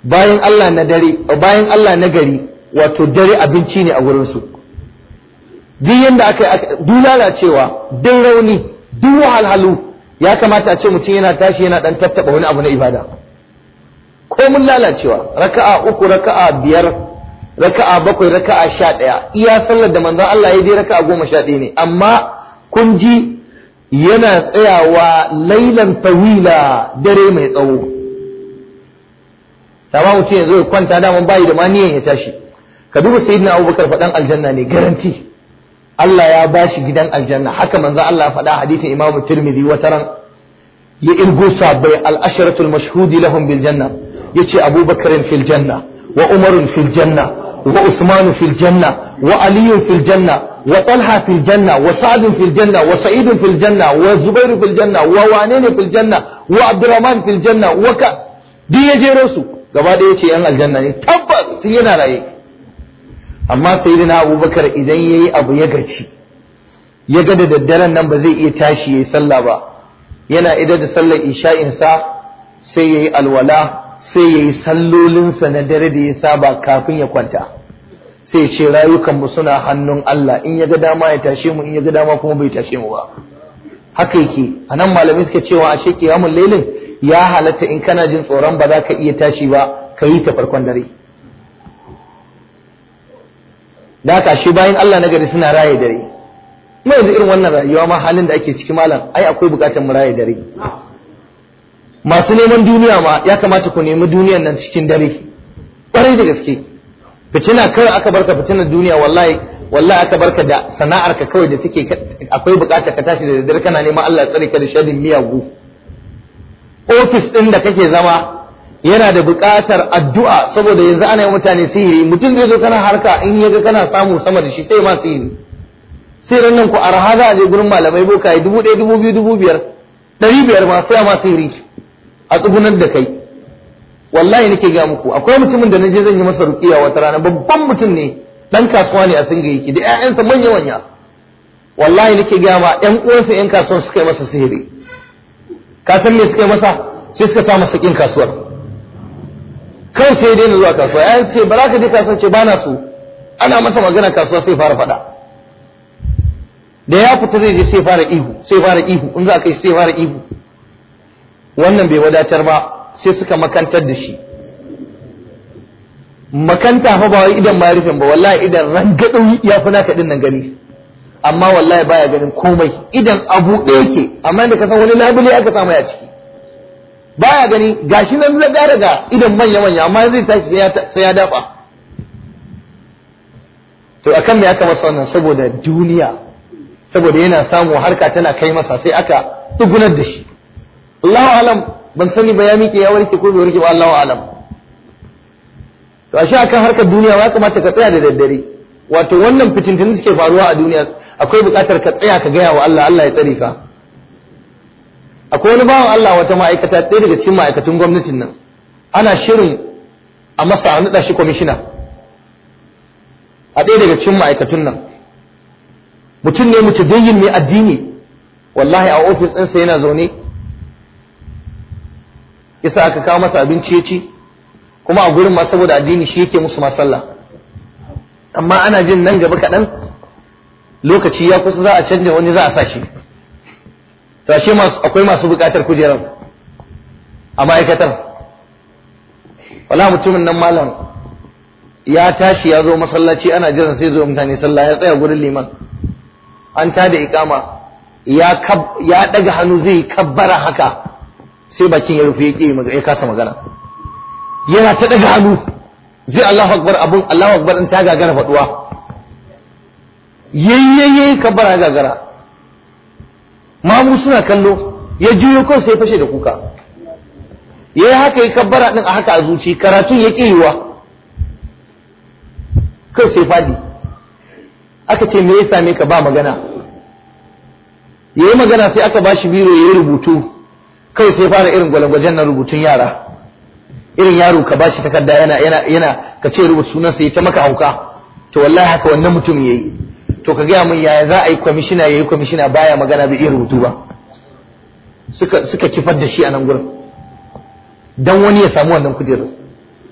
bayan Allah na dare bayan Allah na gari wato dare abinci ne a wurin su duk yanda aka duk lalacewa duk rauni duk wahalhalu ya kamata a ce mutum yana tashi yana dan tattaba wani abu na ibada ko mun lalacewa raka'a uku raka'a biyar raka'a bakwai raka'a sha ɗaya iya sallar da manzon Allah ya dai raka'a goma sha ne amma kun ji yana tsayawa lailan tawila dare mai tsawo dama mutum yanzu ya kwanta daman bayi da maniyan ya tashi ka duba sayyidina abubakar faɗan aljanna ne garanti Allah ya bashi gidan aljanna haka manzo Allah ya faɗa hadisin Imam Tirmidhi wataran ya irgo sabai al-asharatul mashhudi lahum bil janna yace Abubakar fil janna wa Umar fil janna wa Usman fil janna wa Ali fil janna wa Talha fil janna wa Sa'd fil janna wa Sa'id fil janna wa Zubair fil janna wa Wanene fil janna wa Abdurrahman fil janna wa ka duk ya jero su gaba da ce yan aljanna ne tabbas tun yana raye amma sayyidina abubakar idan yayi abu ya gaci ya ga da daddaren nan ba zai iya tashi yayi sallah ba yana idar da sallar isha'in sa sai yayi alwala sai yayi sallolinsa na dare da ya saba kafin ya kwanta sai ce rayukanmu suna hannun Allah in ya ga dama ya tashe mu in ya ga dama kuma bai tashe mu ba haka yake anan malamai suka cewa ashe kiyamul lailin ya halatta in kana jin tsoron ba za ka iya tashi ba ka yi ta farkon dare da ka shi bayan Allah nagari suna raye dare kuma yanzu irin wannan rayuwa ma halin da ake ciki malam ai akwai bukatar mu raye dare masu neman duniya ma ya kamata ku nemi duniyan nan cikin dare ƙwarai da gaske fitina kawai aka barka fitinar duniya wallahi wallahi aka barka da sana'arka kawai da take akwai bukatar ka tashi da daddare kana neman Allah ya tsare ka da shadin miyagu ofis ɗin da kake zama yana da buƙatar addu'a saboda yanzu ana yi mutane sihiri mutum zai zo kana harka in ya ga kana samu sama da shi sai ma sihiri sihirin nan ku arha za a je gurin malamai yi dubu ɗaya dubu biyu dubu biyar ɗari biyar ma sai ma sihiri a tsugunar da kai wallahi nake ga muku akwai mutumin da na je zan yi masa rukiya wata rana babban mutum ne dan kasuwa ne a singa yake da 'ya'yansa manya manya wallahi nake ga ma ƴan uwansa ƴan kasuwan suka yi masa sihiri ka san me suka yi masa sai suka sa masa kin kasuwar kai sai daina zuwa kasuwa ya ce ba za ka je kasuwar ce ba na so ana masa magana kasuwa sai fara faɗa da ya fita zai je sai fara ihu sai fara ihu in za a kai sai fara ihu wannan bai wadatar ba sai suka makantar da shi makanta fa ba wai idan marifin ba wallahi idan rangadau ya fi naka din nan gani amma wallahi baya ganin komai idan abu ɗaya yake amma da kasan wani labule aka samu ya ciki baya gani gashi nan da gara ga idan manya manya amma zai tashi sai ya dafa to akan me aka masa wannan saboda duniya saboda yana samu harka tana kai masa sai aka tsugunar da shi Allahu alam ban sani ba ya miƙe ya warke ko bai warke ba Allahu alam to a akan harkar duniya ya kamata ka tsaya da daddare wato wannan fitintun suke faruwa a duniya akwai buƙatar ka tsaya ka gaya wa Allah Allah ya tsare ka akwai wani bawan Allah wata ma'aikata ɗaya daga cikin ma'aikatan gwamnatin nan ana shirin a masa a naɗa shi kwamishina a ɗaya daga cikin ma'aikatun nan mutum ne mutajayyin mai addini wallahi a ofis ɗinsa yana zaune yasa aka kawo masa abinci ya ci kuma a gurin ma saboda addini shi yake musu masalla. amma ana jin nan gaba kaɗan lokaci ya kusa za a canja wani za a sa shi to ashe akwai masu bukatar kujerar a ma'aikatar wala mutumin nan malam ya tashi ya zo masallaci ana jiran sai zo mutane sallah ya tsaya gurin liman an tada ikama ya ya daga hannu zai kabbara haka sai bakin ya rufe yake ya kasa magana yana ta daga hannu zai Allahu akbar abun Allahu akbar in ta gagara faduwa ka kabara gagara mamu suna kallo ya juyo kawai sai fashe da kuka ya yi haka yi kabbara ɗin a haka a zuci karatun ya ƙi yiwa kawai sai faɗi aka ce me ya same ka ba magana ya yi magana sai aka ba shi biro ya yi rubutu kai sai fara irin gwalagwajen na rubutun yara irin yaro ka ba shi takarda yana ka ce rubuta sunansa ya ta maka hauka to wallahi haka wannan mutum ya yi to ka gaya min yaya za a yi kwamishina ya yi kwamishina baya magana bai iya rubutu ba suka suka kifar da shi a nan gurin dan wani ya samu wannan kujerar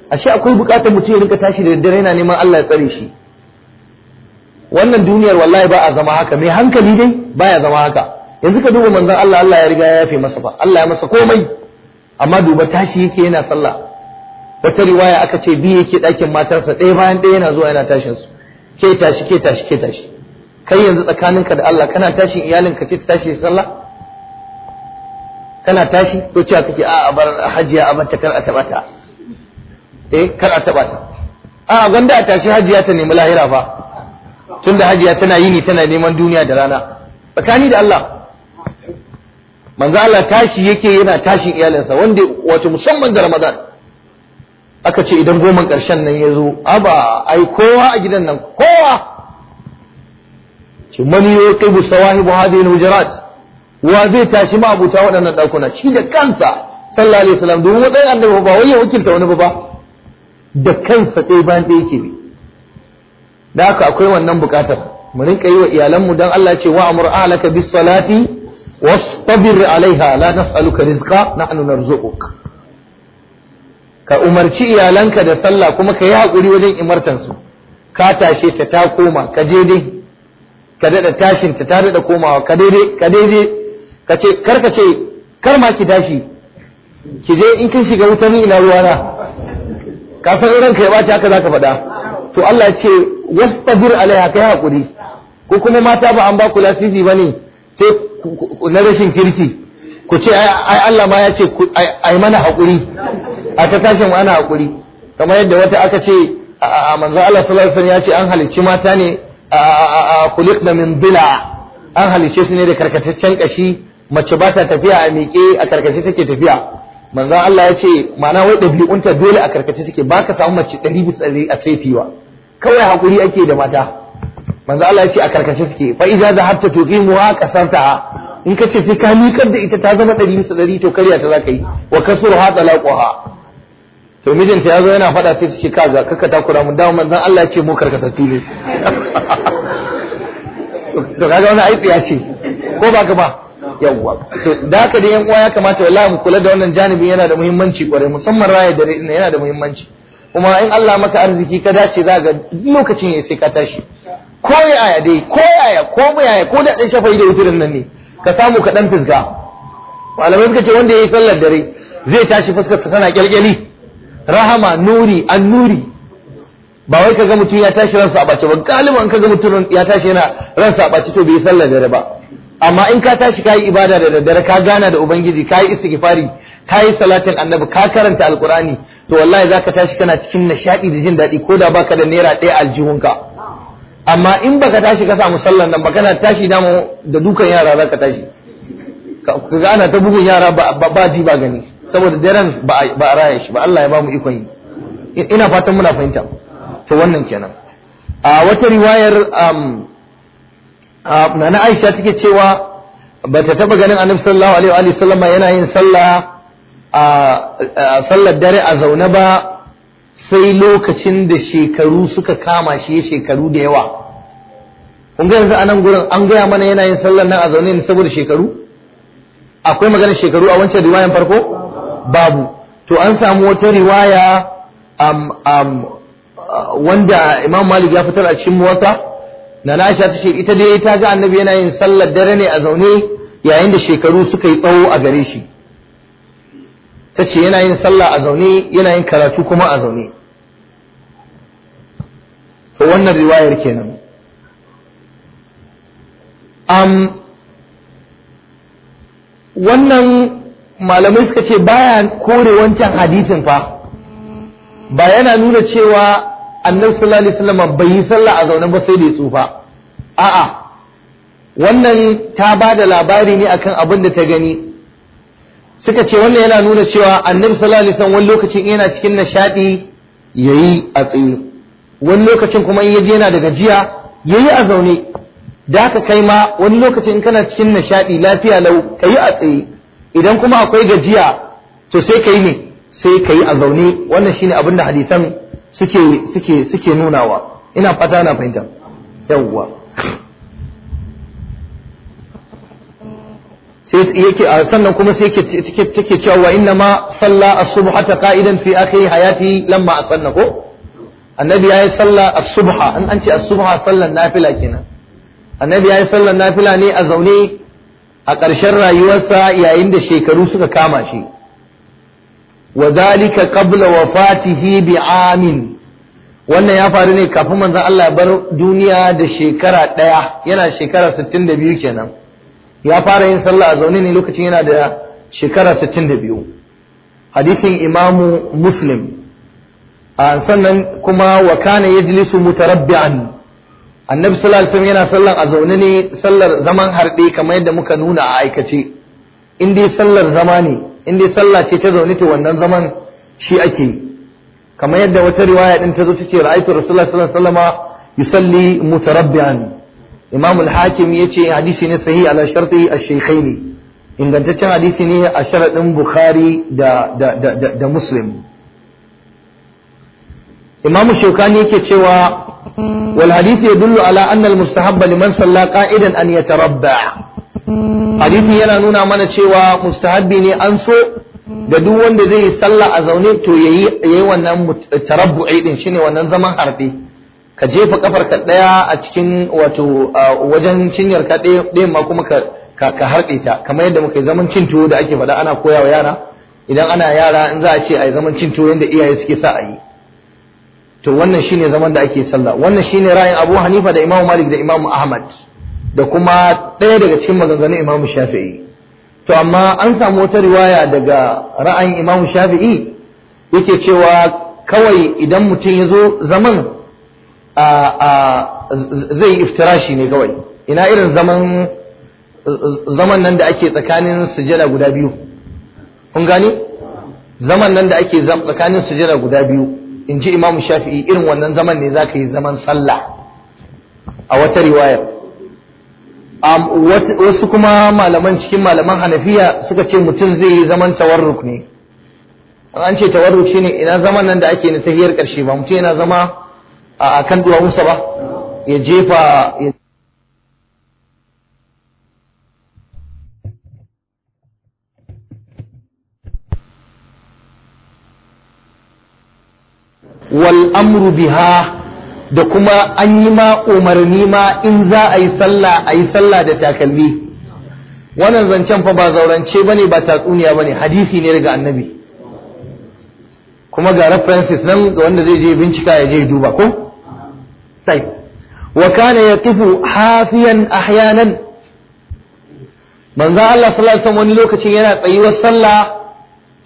ashe akwai bukatar mutum ya rinka tashi da daddare yana neman Allah ya tsare shi wannan duniyar wallahi ba a zama haka mai hankali dai baya zama haka yanzu ka duba manzon Allah Allah ya riga ya yafe masa ba, Allah ya masa komai amma duba tashi yake yana sallah wata riwaya aka ce biyu yake ɗakin matarsa ɗaya bayan ɗaya yana zuwa yana tashin su ke tashi ke tashi ke tashi kai yanzu tsakaninka da Allah kana tashin iyalinka ce ta tashi sallah kana tashi ko cewa kake a bar hajiya a banta kar a taba ta eh kar a taba ta a gwanda a tashi hajiya ta nemi lahira fa tunda hajiya tana yi ni tana neman duniya da rana tsakani da Allah manzo Allah tashi yake yana tashin iyalinsa wanda wato musamman da Ramadan aka ce idan goman ƙarshen nan ya zo aba ai kowa a gidan nan kowa ce man yuqibu sawahibu hadhihi alhujurat wa zai tashi ma abuta waɗannan ɗakuna shi da kansa sallallahu alaihi wasallam domin matsayin annabi ba wai ya wakilta wani ba da kansa ɗaya bayan ɗaya ke bi da haka akwai wannan buƙatar mu rinka yi wa iyalanmu dan Allah ce wa amur alaka bis salati wastabir alaiha la nas'aluka rizqa nahnu narzuquk ka umarci iyalanka da sallah kuma ka yi haƙuri wajen imartansu ka tashe ta ta koma ka je dai ka daɗa tashin ta ta daɗa komawa ka daidai ka daidai ka ce kar ka ce kar ma ki tashi ki je in kin shiga wutar ni ina ruwana ka san kai ba ta haka zaka faɗa to Allah ya ce wastabir alaiha kai hakuri ko kuma mata ba an ba ku lasisi bane sai na rashin kirki ku ce ai Allah ma ya ce ai mana hakuri a ta tashin ana hakuri kamar yadda wata aka ce a manzo Allah sallallahu alaihi wasallam ya ce an halicci mata ne khuliqna min bila an halice su ne da karkataccen kashi mace ba ta tafiya a miƙe a karkace take tafiya manzon Allah ya ce ma'ana wai ɗabi'unta dole a karkace take ba ka samu mace ɗari bisa ɗari a saifiwa kawai hakuri ake da mata manzon Allah ya ce a karkace take fa idza zahabta tuqimuha kasanta in ka ce sai ka miƙar da ita ta zama ɗari bisa ɗari to karya ta za ka yi wa kasuru ha talaquha to mijinta ya zo yana faɗa sai ta ce ga kaka kura mun dawo manzon Allah ya ce mu karkata Tule? to kaga wani aiki ya ce ko ba ka ba yawwa to da haka da yan uwa ya kamata wallahi mu kula da wannan janibi yana da muhimmanci kwarai musamman raya da yana da muhimmanci kuma in Allah maka arziki ka dace za ga lokacin ya sai ka tashi ko yaya dai ko yaya ko mu yaya ko da dan shafa'i da wuturin nan ne ka samu ka dan fisga malamai suka ce wanda yayi sallar dare zai tashi fuskar sa tana kyalkyali rahama nuri an nuri ba wai kaga mutum ya tashi ransa a bace ba galiban kaga mutum ya tashi yana ransa a bace to bai sallar dare ba amma in ka tashi kayi ibada da daddare ka gana da ubangiji kayi istighfari kayi salatin annabi ka karanta alqurani to wallahi zaka tashi kana cikin nishadi da jin dadi ko da baka da naira ɗaya aljihunka amma in baka tashi ka samu sallar nan ba kana tashi da dukan yara zaka tashi ka gana ta bugun yara ba ji ba gani saboda daren ba a raya shi ba Allah ya ba mu ikon yi ina fatan muna fahimta to wannan kenan a wata riwayar um, na Aisha take cewa bata taba ganin Annabi sallallahu alaihi wa sallam yana yin sallah a sallar dare a zaune ba sai lokacin da shekaru suka kama shi shekaru da yawa kun ga yanzu a nan gurin an gaya mana yana yin sallar nan a zaune ne saboda shekaru akwai maganar shekaru a wancan riwayan farko babu to an samu wata riwaya am am wanda Imam Malik ya fitar a cikin muwatta na nasha ta ce ita dai ta ga Annabi yana yin sallar dare ne a zaune yayin da shekaru suka yi tsawo a gare shi ta ce yana yin sallah a zaune yana yin karatu kuma a zaune to wannan riwayar kenan am wannan malamai suka ce baya kore wancan hadisin fa ba yana nuna cewa annabi sallallahu alaihi wasallam bai yi sallah a zaune ba sai da tsufa a'a wannan ta ba da labari ne akan abin da ta gani suka ce wannan yana nuna cewa annabi sallallahu alaihi wasallam wani lokacin yana cikin nishadi yayi a tsaye wani lokacin kuma in yaje yana da gajiya yayi a zaune da ka kai ma wani lokacin kana cikin nishadi lafiya lau kayi a tsaye idan kuma akwai gajiya to sai kai ne sai kai a zaune wannan shine abin da hadisan suke suke suke nunawa ina fata na fahimta yawwa sai yake sannan kuma sai yake take cewa wa inna ma salla as-subha qa'idan fi akhi hayati lamma asanna ko annabi yayi salla as-subha an an ce as-subha sallan nafila kenan annabi yayi sallan nafila ne a zaune a ƙarshen rayuwarsa yayin da shekaru suka kama shi wa zalika qabla wafatihi bi amin wannan ya faru ne kafin manzon Allah bar duniya da shekara ɗaya yana shekara 62 kenan ya fara yin sallah a zaune ne lokacin yana da shekara 62 Hadithin imamu muslim a sannan kuma wa kana yajlisu mutarabbi'an annabi sallallahu alaihi wasallam yana sallan a zaune ne sallar zaman harɗe kamar yadda muka nuna a aikace in dai sallar zama ne in dai sallah ce ta zaune ta wannan zaman shi ake yi kamar yadda wata riwaya din ta zo ta ce ra'aytu rasulullahi sallallahu alaihi wasallam yusalli mutarabbi'an imam al-hakim yace hadisi ne sahihi ala sharti ash-shaykhaini ingantaccen hadisi ne a sharadin bukhari da da da, da muslim imam shaukani yake cewa والحديث يدل على أن المستحب لمن صلى قائدا أن يتربع حديث yana nuna mana cewa mustahabbi ne an so da duk wanda zai yi sallah a zaune to yayi yayi wannan tarabbu'i din shine wannan zaman harde ka jefa kafar kaɗaya a cikin wato wajen cinyar ka ɗayan ma kuma ka ka ta kamar yadda muka yi zaman cin tuwo da ake faɗa ana koya wa yara idan ana yara in za a ce a zaman cin tuwo yadda iyaye suke sa a yi to wannan shine zaman da ake sallah wannan shine ra'ayin Abu Hanifa da Imam Malik da Imam Ahmad da kuma ɗaya daga cikin maganganun Imam Shafi'i to amma an samu wata riwaya daga ra'ayin Imam Shafi'i yake cewa kawai idan mutum ya zo zaman zai iftirashi ne kawai ina irin zaman zaman nan da ake tsakanin sujada guda biyu kun gani zaman nan da ake tsakanin sujada guda biyu in ji imamu shafi'i irin wannan zaman ne za ka yi zaman sallah a wata riwayar wasu kuma malaman cikin malaman hanafiya suka ce mutum zai yi zaman tawarruk ne an ce tawarruk shine ina zaman nan da ake na tahiyar karshe ba mutum yana zama a kan duwawunsa ba
ya jefa
wal amru biha da kuma an yi ma umarni ma in za a yi sallah a yi sallah da takalmi wannan zancen fa ba zaurance bane ba tatsuniya bane hadisi ne daga annabi kuma ga references nan ga wanda zai je bincika ya je duba ko طيب وكان يطوف hafiyan ahyanan manzo Allah sallallahu alaihi wasallam wani lokacin yana tsayuwar sallah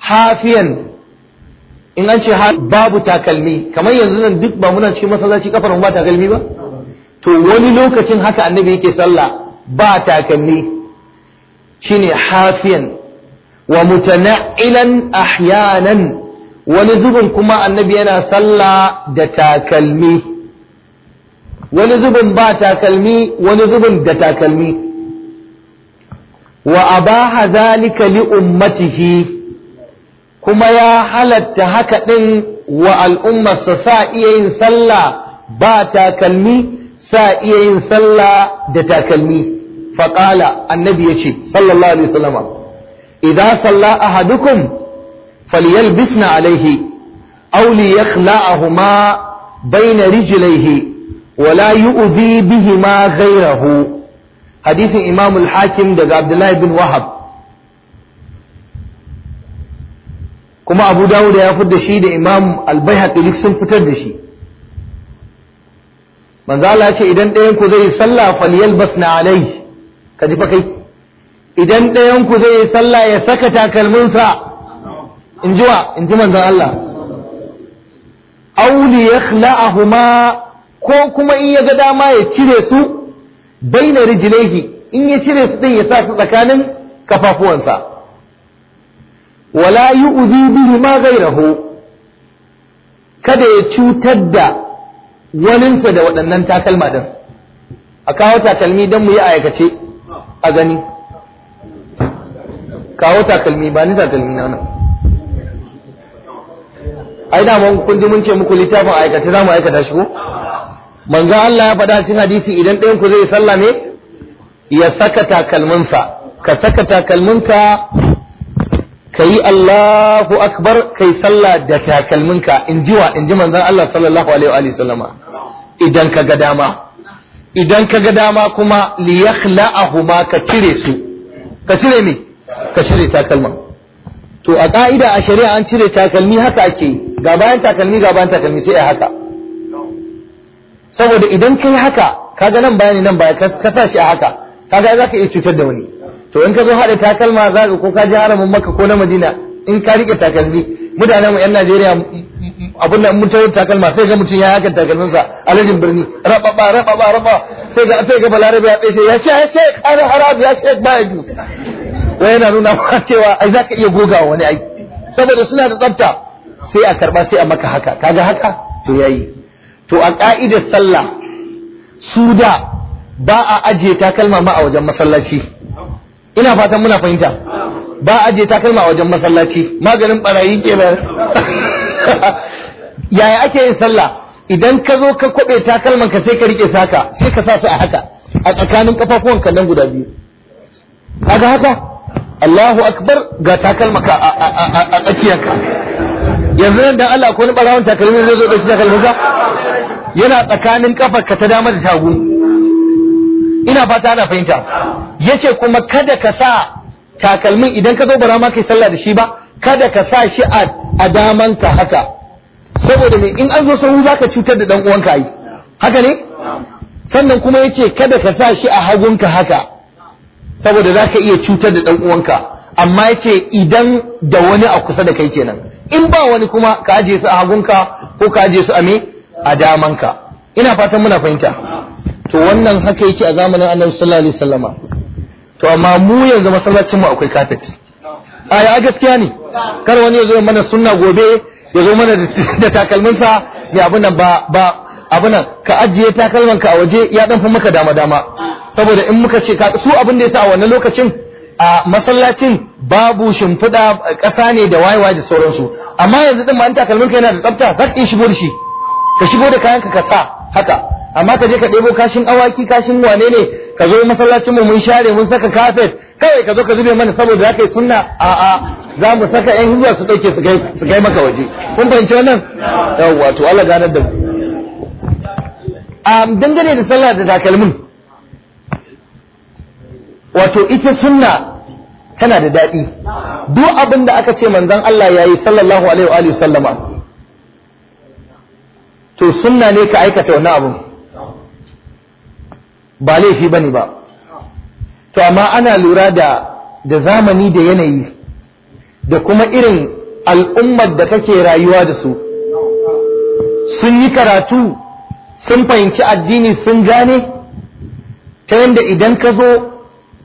hafiyan in an ce har babu takalmi kamar yanzu nan duk ba muna cikin masallaci kafar mu ba takalmi ba to wani lokacin haka annabi yake sallah ba takalmi shine hafiyan wa mutana'ilan ahyanan wani zubin kuma annabi yana sallah da takalmi wani zubin ba takalmi wani zubin da takalmi wa abaha zalika li ummatihi kuma ya halatta haka ɗin wa al'ummarsa sa iya yin sallah ba takalmi sa iya yin sallah da takalmi faƙala annabi ya ce sallallahu alaihi wasallama idan salla ahadukum falyalbisna alaihi aw liyakhla'ahuma bayna rijlaihi wala yu'dhi bihima ghayrahu hadisin imam al-hakim daga abdullahi bin wahab kuma abu dawud ya fi da shi da imam albayhaqi duk sun fitar da shi Manzala Allah ya ce idan ɗayan ku zai sallah falyalbasna alai ka ji fa kai idan ɗayan ku zai sallah ya saka takalminsa in ji wa in ji manzon Allah aw li yakhla'ahuma ko kuma in ya ga dama ya cire su baina rijlaihi in ya cire su din ya sa su tsakanin kafafuwansa wala yu'zi bihi ma ghayrahu kada ya cutar da waninsa da waɗannan takalma ɗin, a kawo takalmi don mu yi aikace a gani kawo takalmi ba ni takalmi na nan ai da mun kun mun ce muku littafin aikace za mu aikata shi ko manzo Allah ya faɗa cikin hadisi idan ɗayan ku zai sallame ya saka takalminsa ka saka takalminka ka yi Allahu akbar kai sallah da takalminka in ji wa in ji manzon Allah sallallahu alaihi wa sallama idan ka ga dama idan ka ga dama kuma li yakhla'ahuma ka cire su ka cire me ka cire takalma to a ka'ida a shari'a an cire takalmi haka ake ga bayan takalmi ga bayan takalmi sai a haka saboda idan kai haka kaga nan bayani nan baya ka sa shi a haka kaga za ka iya cutar da wani to in ka zo haɗa takalma za ka ko ka ji haramin maka ko na madina in ka riƙe takalmi mutanen mu yan najeriya abin da mun tawo takalma sai ga mutum ya yakan takalminsa a lajin birni rababa rababa raba sai ga sai ga balarabe ya tsaye ya sha ya sha ƙara harab ya sha baya ju wai yana nuna ma cewa ai za ka iya gogawa wani aiki? saboda suna da tsafta sai a karɓa sai a maka haka kaga haka to yayi to a ƙa'idar sallah su da ba a ajiye takalma ma a wajen masallaci ina fatan muna fahimta ba je takalma a wajen masallaci maganin barayi ke kenan yaya ake yin sallah idan ka zo ka kwabe takalman ka sai ka rike saka sai ka sa su a haka a tsakanin kafafuwan ka nan guda biyu kaga haka Allahu akbar ga takalma ka a tsakiyarka yanzu nan dan Allah ko wani barawon takalmi zai zo dauki takalmaka yana tsakanin ka ta dama da shagu ina fata ana fahimta yace kuma kada ka sa takalmin idan ka zo bara ma kai sallah da shi ba kada ka sa shi a daman ka haka saboda me in an zo sahu zaka cutar da dan uwanka ai haka ne sannan kuma yace kada ka sa shi a hagunka haka saboda zaka iya cutar da dan uwanka amma yace idan da wani a kusa da kai kenan in ba wani kuma ka aje su a hagunka ko ka aje su a me a damanka ina fatan muna fahimta to wannan haka yake a zamanin annabi sallallahu alaihi wasallama to amma mu yanzu masallacin mu akwai carpet a gaskiya ne kar wani ya zo mana sunna gobe ya zo mana da takalminsa ne abun nan ba ba abun nan ka ajiye takalman ka a waje ya dan fi maka dama dama saboda in muka ce su abin da yasa a wannan lokacin a masallacin babu shimfiɗa ƙasa ne da wayewa da sauransu amma yanzu din ma in takalmin ka yana da tsafta za ka shigo da shi ka shigo da kayanka ka sa haka amma ka je ka ɗebo kashin awaki kashin wane ne ka zo masallacin mu mun share mun saka kafet kai ka zo ka zube mana saboda ya suna sunna a'a za mu saka yan hijira su ɗauke su kai maka waje kun fahimci wannan yawwa to Allah ganar da mu dangane da sallah da takalmin wato ita sunna tana da daɗi duk abin da aka ce manzon Allah ya yi sallallahu alaihi wa sallama to sunna ne ka aikata wannan abin ba laifi bane ba to amma ana lura da da zamani da yanayi da kuma irin al'ummar da kake rayuwa da su sun yi karatu sun fahimci addini sun gane ta yadda idan ka zo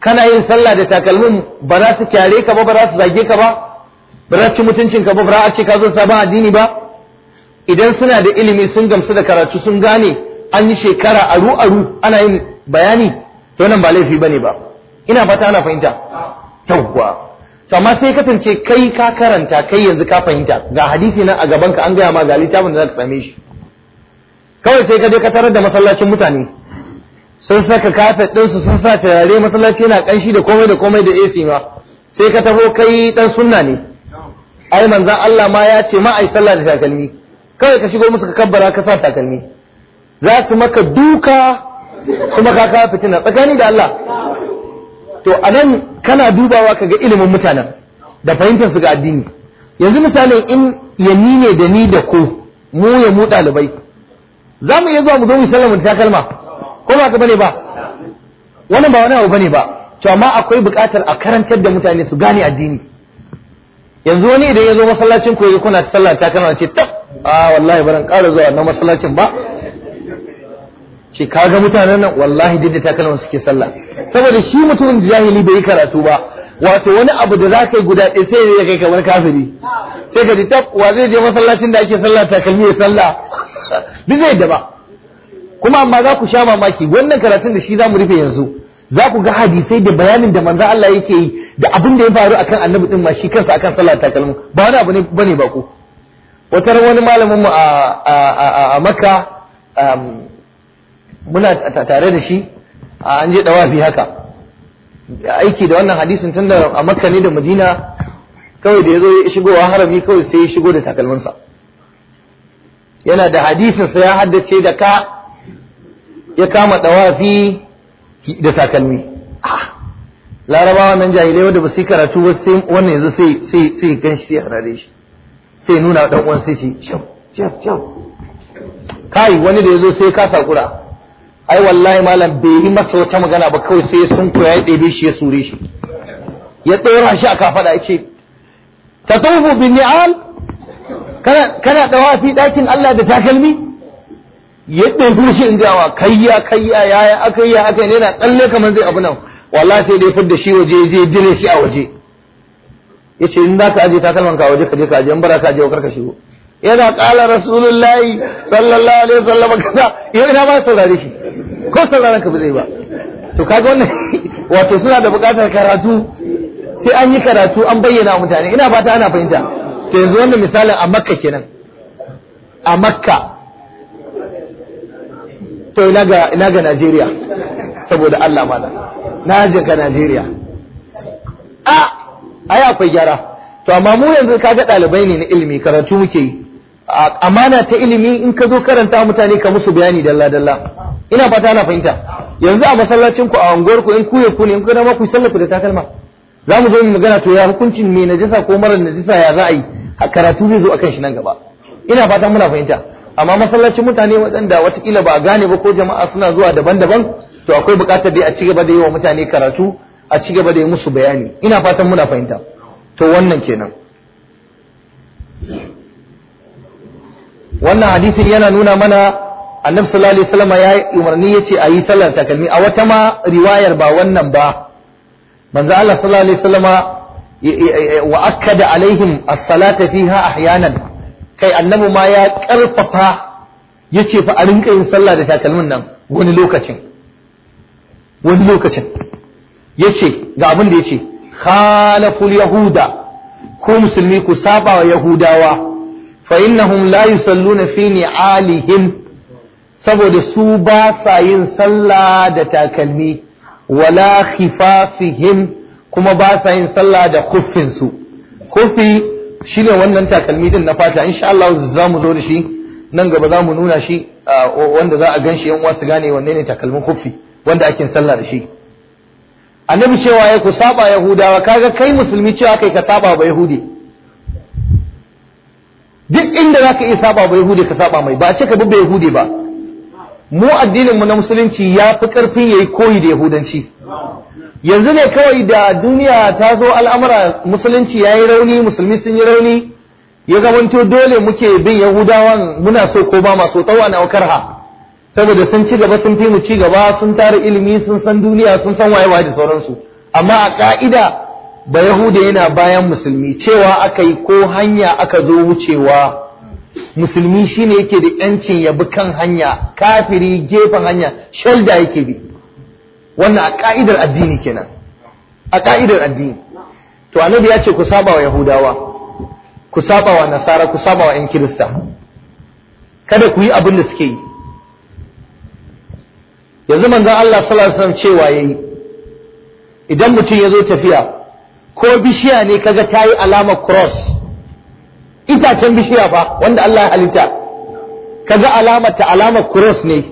kana yin sallah da takalmin ba za su kyare ka ba ba za su zage ka ba ba za su ci mutuncin ka ba ba za a ce ka zo sabon addini ba idan suna da ilimi sun gamsu da karatu sun gane an yi shekara aru aru ana yin bayani to nan ba laifi bane ba ina fata ana fahimta tawwa to amma sai kasance kai ka karanta kai yanzu ka fahimta ga hadisi nan a gaban ka an gaya ma ga littafin da zaka same shi kawai sai ka je ka tarar da masallacin mutane sun saka kafet ɗinsu sun sa turare masallaci yana kanshi da komai da komai da AC ma sai ka taho kai dan sunna ne ai manzon Allah ma ya ce ma ai sallah da takalmi kawai ka shigo musu ka kabbara ka sa takalmi za su maka duka kuma ka kawo fitina tsakani da Allah to anan kana dubawa ka ga ilimin mutanen da fahimtar su ga addini yanzu misalin in yanni ne da ni da ko mu ya mu ɗalibai za mu iya zuwa mu zo mu sallama ta kalma ko ba ka bane ba wannan ba wani abu bane ba to amma akwai buƙatar a karantar da mutane su gane addini yanzu wani idan ya zo masallacin ku ya kuna sallah ta kalma ce ta, a wallahi baran ƙara zuwa na masallacin ba ce kaga mutanen nan wallahi duk da takalman suke sallah saboda shi mutumin jahili bai yi karatu ba wato wani abu da za ka yi guda ɗaya sai ya kai kamar kafiri sai ka ji tab wa zai je masallacin da ake sallah takalmi ya sallah duk zai da ba kuma amma za ku sha mamaki wannan karatun da shi za mu rufe yanzu za ku ga hadisai da bayanin da manzo Allah yake yi da abin da ya faru akan annabi din ma shi kansa akan sallah takalmi ba wani abu ne bane ba ku wata wani malamin mu a a, a, a Makka um, muna tare da shi an je dawafi haka aiki da wannan hadisin tun da a makka ne da madina kawai da ya zo ya shigo a harami kawai sai ya shigo da takalminsa yana da hadisin sai ya haddace da ka ya kama dawafi da takalmi ah! larabawa wannan jahilai wanda ba su yi karatu ba sai wannan yanzu sai sai sai gan shi ya harare shi sai nuna dan uwan sai shi shau shau shau kai wani da ya zo sai ka sakura ai wallahi malam bai yi masa wata magana ba kawai sai sun koya ya ɗebe shi ya sure shi ya tsora shi a kafaɗa ya ce tatufu bin ni'al kana kana fi ɗakin Allah da takalmi ya ɗebe shi in gawa kayya kayya yaya akai ya akai ne na tsalle kamar zai abu nan wallahi sai dai fudda shi waje je dire shi a waje yace in za ka aje takalman ka waje ka je ka aje in bara ka aje kar ka shigo yana kala rasulullahi sallallahu alaihi wasallam kaza yau ina ba saurare shi ko sauraron ka ba zai ba to kaga wannan wato suna da buƙatar karatu sai an yi karatu an bayyana mutane ina fata ana fahimta to yanzu wannan misalin a makka kenan a makka
to ina ga ina ga Najeriya
saboda Allah malam na je ka Najeriya a ai akwai gyara to amma mu yanzu kaga ɗalibai ne na ilimi karatu muke yi amana ta ilimi in ka zo karanta mutane ka musu bayani dalla dalla ina fata na fahimta yanzu a masallacin ku a unguwar ku in ku ya ku ne in ku ma ku sallar ku da takalma za mu zo mu magana to ya hukuncin mai najasa ko mara najasa ya za a yi karatu zai zo akan shi nan gaba ina fata muna fahimta amma masallacin mutane waɗanda watakila ba a gane ba ko jama'a suna zuwa daban-daban to akwai buƙatar dai a ci gaba da yi wa mutane karatu a ci gaba da yi musu bayani ina fatan muna fahimta to wannan kenan wannan hadisin yana nuna mana annabi sallallahu alaihi wasallam ya yi umarni yace a yi sallar takalmi a wata ma riwayar ba wannan ba manzo Allah sallallahu alaihi wasallam wa akkada alaihim as-salata fiha ahyanan kai annabi ma ya karfafa yace fa a rinka yin sallah da takalmin nan wani lokacin wani lokacin yace ga abin da yace khalaful yahuda ko musulmi ku saba wa yahudawa fa innahum la yusalluna fi ni'alihim saboda su ba sa yin sallah da takalmi wala khifafihim kuma ba sa yin sallah da kuffin su shi shine wannan takalmi din na fata insha Allah za mu zo da shi nan gaba za mu nuna shi wanda za a gan shi yan uwa su gane wanne ne takalmin kuffi wanda ake sallah da shi annabi cewa ya ku saba yahudawa kaga kai musulmi cewa kai ka saba ba yahudi duk inda za ka iya saba ba yahudi ka saba mai ba a ce ka bubbe yahudi ba mu addinin mu na musulunci ya fi karfin yayi koyi da yahudanci yanzu ne kawai da duniya ta zo al'amura musulunci yayi rauni musulmi sun yi rauni ya gabanto dole muke bin yahudawan muna so ko ba masu tsawa na karha saboda sun ci gaba sun fi mu ci gaba sun tara ilimi sun san duniya sun san waye waye da sauransu amma a ka'ida ba Yahuda yana bayan musulmi cewa aka yi ko hanya aka zo wucewa musulmi shi ne yake da yancin ya bi kan hanya kafiri gefen hanya shalda yake bi wannan a ka'idar addini kenan a ka'idar addini to annabi ya ce ku saba wa yahudawa ku saba wa nasara ku saba wa yan kirista kada ku yi abin da suke yi yanzu manzan Allah sallallahu alaihi wasallam cewa yayi idan mutum ya zo tafiya ko bishiya ne kaga ta yi alamar cross itacen bishiya fa wanda Allah ya halitta kaga alamar ta alamar cross ne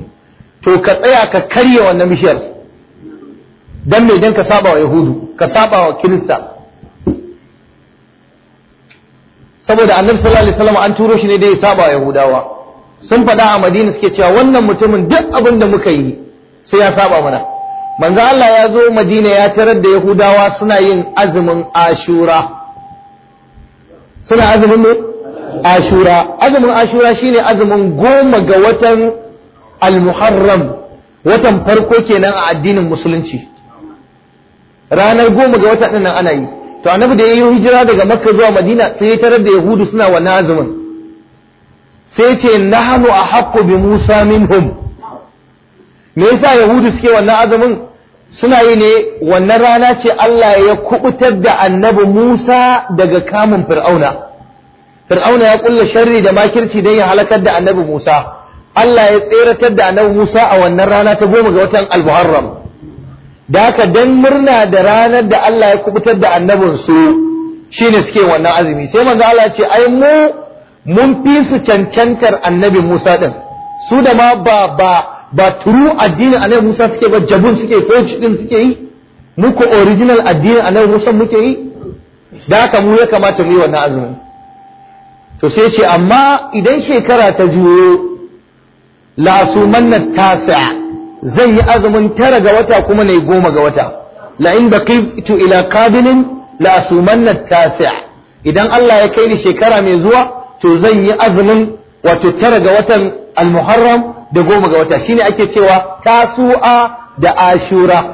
to ka tsaya ka karya wannan bishiyar dan me dan ka saba wa yahudu ka saba wa kirista saboda annabi sallallahu alaihi wasallam an turo shi ne da ya saba wa yahudawa sun faɗa a madina suke cewa wannan mutumin duk abin da muka yi sai ya saba mana manzo Allah ya zo Madina ya tarar da Yahudawa suna yin azumin Ashura suna azumin ne Ashura azumin Ashura shine azumin goma ga watan Al-Muharram watan farko kenan a addinin musulunci ranar goma ga watan nan ana yi to annabi da ya yi hijira daga Makka zuwa Madina sai ya tarar da Yahudu suna wani azumin sai ce nahnu ahaqqu bi Musa minhum me yasa yahudu suke wannan azumin suna yi ne wannan rana ce Allah ya kubutar da annabi Musa daga kamun Fir'auna Fir'auna ya kulla sharri da makirci don ya halakar da annabi Musa Allah ya tseratar da annabi Musa a wannan rana ta goma ga watan Al-Muharram da haka dan murna da ranar da Allah ya kubutar da annabin su shine suke wannan azumi sai manzo Allah ya ce ai mu mun fi su cancantar annabi Musa din su da ma ba ba ba turu addinin annabi Musa suke ba jabun suke ko din suke yi mu ko original addinin annabi Musa muke yi da haka mu ya kamata mu yi wannan azumin to sai ce amma idan shekara ta juyo la sumanna tasi'a zan yi azumin tara ga wata kuma ne goma ga wata la in baqitu ila qabilin la sumanna tasi'a idan Allah ya kai ni shekara mai zuwa to zan yi azumin wato tara ga watan al-Muharram da goma ga wata shine ake cewa tasu'a da ashura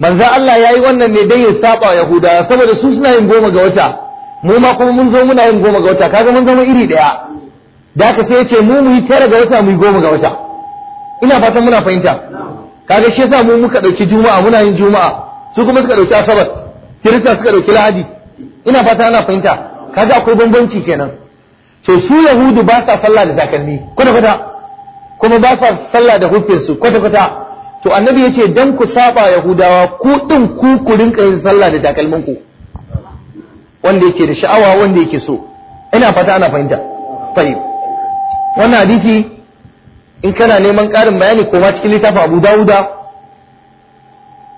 manzo Allah yayi wannan ne dai ya saba yahuda saboda su suna yin goma ga wata mu ma kuma mun zo muna yin goma ga wata kaga mun zama iri daya da ka sai ya ce mu mu yi tara ga wata mu yi goma ga wata ina fatan muna fahimta kaga shi yasa mu muka dauki juma'a muna yin juma'a su kuma suka dauki asabar kirista suka dauki lahadi ina fata ana fahimta kaga akwai bambanci kenan to su yahudu ba sa sallah da takalmi kuna fata kuma ba sa sallah da hufinsu kwata-kwata to annabi ya ce don ku saba yahudawa ku ɗin ku ku rinka yin sallah da takalminku wanda yake da sha'awa wanda yake so ina fata ana fahimta fahim wannan hadisi in kana neman ƙarin bayani koma cikin littafin abu dawuda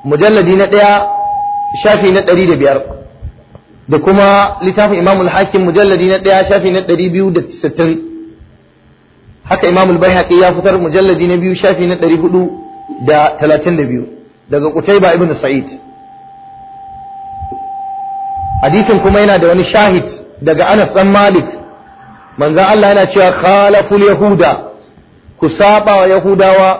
mujalladi na ɗaya shafi na ɗari da biyar da kuma littafin imamul hakim mujalladi na ɗaya shafi na ɗari biyu da sittin haka Imam al-Baihaqi ya fitar mujalladi na biyu shafi na 432 daga Qutayba ibn Sa'id hadisin kuma yana da wani shahid daga Anas dan Malik manzon Allah yana cewa khalaful yahuda ku saba wa yahudawa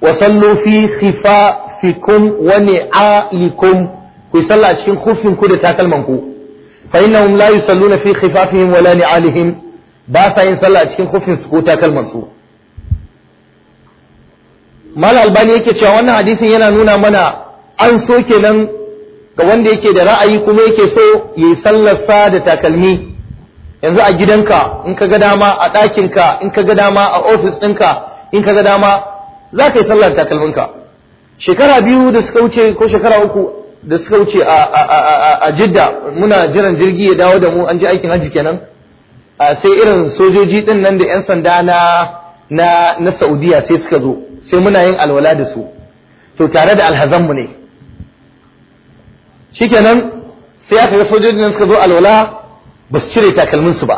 wa sallu fi khifafikum wa ni'alikum ku salla a cikin kufin ku da takalman ku fa innahum la yusalluna fi khifafihim wa la ni'alihim ba sa yin sallah a cikin kufin su ko takalman su mal albani yake cewa wannan hadisin yana nuna mana an so kenan ga wanda yake da ra'ayi kuma yake so ya yi sallarsa da takalmi yanzu a gidanka in ka ga dama a ɗakinka in ka ga dama a ofis ɗinka in ka ga dama za ka yi sallar takalminka shekara biyu da suka wuce ko shekara uku da suka wuce a jidda muna jiran jirgi ya dawo da mu an ji aikin hajji kenan sai irin sojoji din nan da 'yan sanda na na na Saudiya sai suka zo sai muna yin alwala da su to tare da alhazanmu ne shikenan sai aka ga sojojin nan suka zo alwala ba su cire takalminsu ba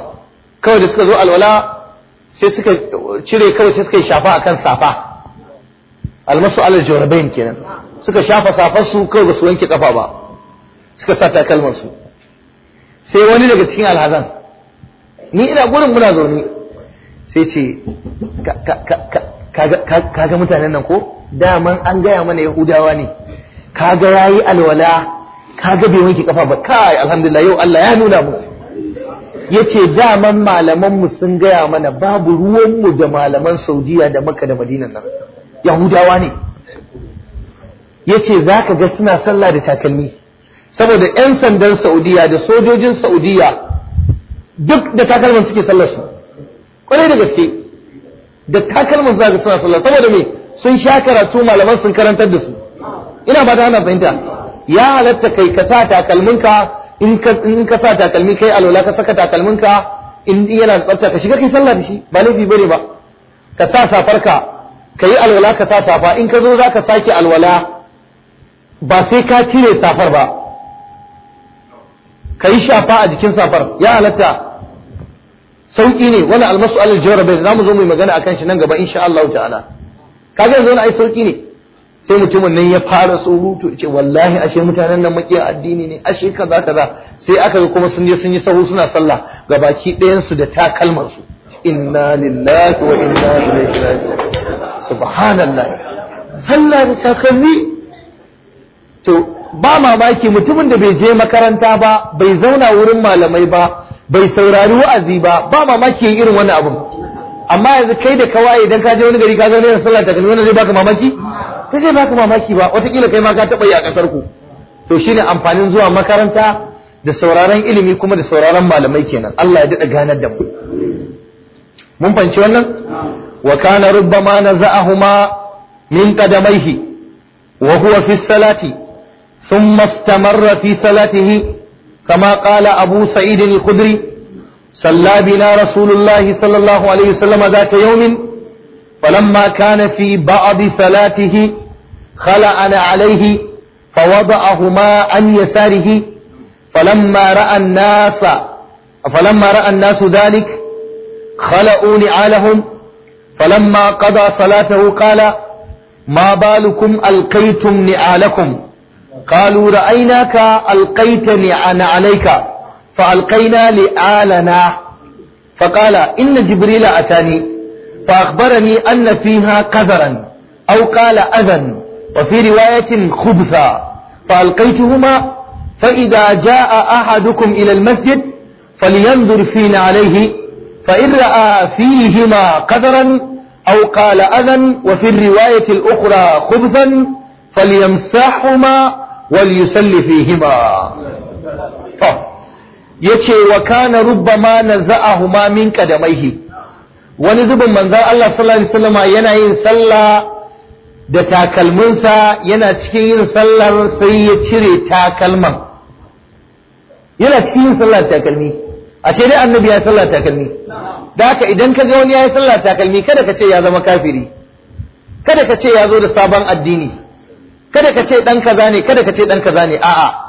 kawai da suka zo alwala sai suka cire kawai sai suka yi shafa akan safa almasu alal jawrabain kenan suka shafa safar su kawai ba su wanke kafa ba suka sa takalman su sai wani daga cikin alhazan ni ina gurin muna zaune sai ce kaga mutanen nan ko daman an gaya mana yahudawa ne kaga yayi alwala ga bai wanke kafa ba kai alhamdulillah yau Allah ya nuna mu yace daman malaman mu sun gaya mana babu ruwan mu da malaman Saudiya da Makka da Madina nan yahudawa ne yace zaka ga suna sallah da takalmi saboda 'yan sandan Saudiya da sojojin Saudiya duk da takalman suke sallar su kwarai da gaske da takalman za ga suna sallar saboda me sun sha karatu malaman sun karantar da su ina ba ta ana fahimta ya halatta kai ka sa takalminka in ka in ka sa takalmi kai alwala ka saka takalminka in yana tsafta ka shiga kai sallah da shi ba laifi bane ba ka sa safarka ka yi alwala ka sa safa in ka zo za ka sake alwala ba sai ka cire safar ba ka yi shafa a jikin safar ya halatta sauki ne wala almasu alal jawra za mu zo mu yi magana akan shi nan gaba insha Allah ta'ala kaga yanzu ai sauki ne sai mutumin nan ya fara surutu ce wallahi ashe mutanen nan makiya addini ne ashe kaza kaza sai aka ga kuma sun je sun yi sahu suna sallah ga ɗayan su da takalmar su inna lillahi wa inna ilaihi raji'un subhanallah sallah da takalmi to ba mamaki mutumin da bai je makaranta ba bai zauna wurin malamai ba bai saurari wa'azi ba ba mamaki yin irin wannan abu. amma yanzu kai da kawai idan ka je wani gari ka ga wani sallah ta kalmi wannan zai baka mamaki ka zai baka mamaki ba wataƙila kai ma ka taɓa yi a ƙasar ku to shine amfanin zuwa makaranta da sauraron ilimi kuma da sauraron malamai kenan Allah ya daɗa ganar da mu mun fanci wannan wa kana rubbama naza'ahuma min qadamaihi wa huwa fi salati thumma istamarra fi salatihi كما قال أبو سعيد الخدري صلى بنا رسول الله صلى الله عليه وسلم ذات يوم فلما كان في بعض صلاته خلعنا عليه فوضعهما عن يساره فلما رأى الناس فلما رأى الناس ذلك خلعوا نعالهم فلما قضى صلاته قال ما بالكم ألقيتم نعالكم قالوا رأيناك ألقيت لعان عليك فألقينا لآلنا فقال إن جبريل أتاني فأخبرني أن فيها قذرا أو قال أذى وفي رواية خبثا فألقيتهما فإذا جاء أحدكم إلى المسجد فلينظر فينا عليه فإن رأى فيهما قذرا أو قال أذى وفي الرواية الأخرى خبثا فليمسحهما wal yusalli fihima to yace wa kana rubbama naza'ahuma min qadamaihi wani zubin manzan Allah sallallahu alaihi wasallama yana yin sallah da takalminsa yana cikin yin sallar sai ya cire takalman yana cikin yin sallar takalmi A ce dai annabi ya sallar takalmi da haka idan ka ga wani ya yi sallar takalmi kada ka ce ya zama kafiri kada ka ce ya zo da sabon addini kada ka ce ɗan kaza ne kada ka ce dan kaza ne a'a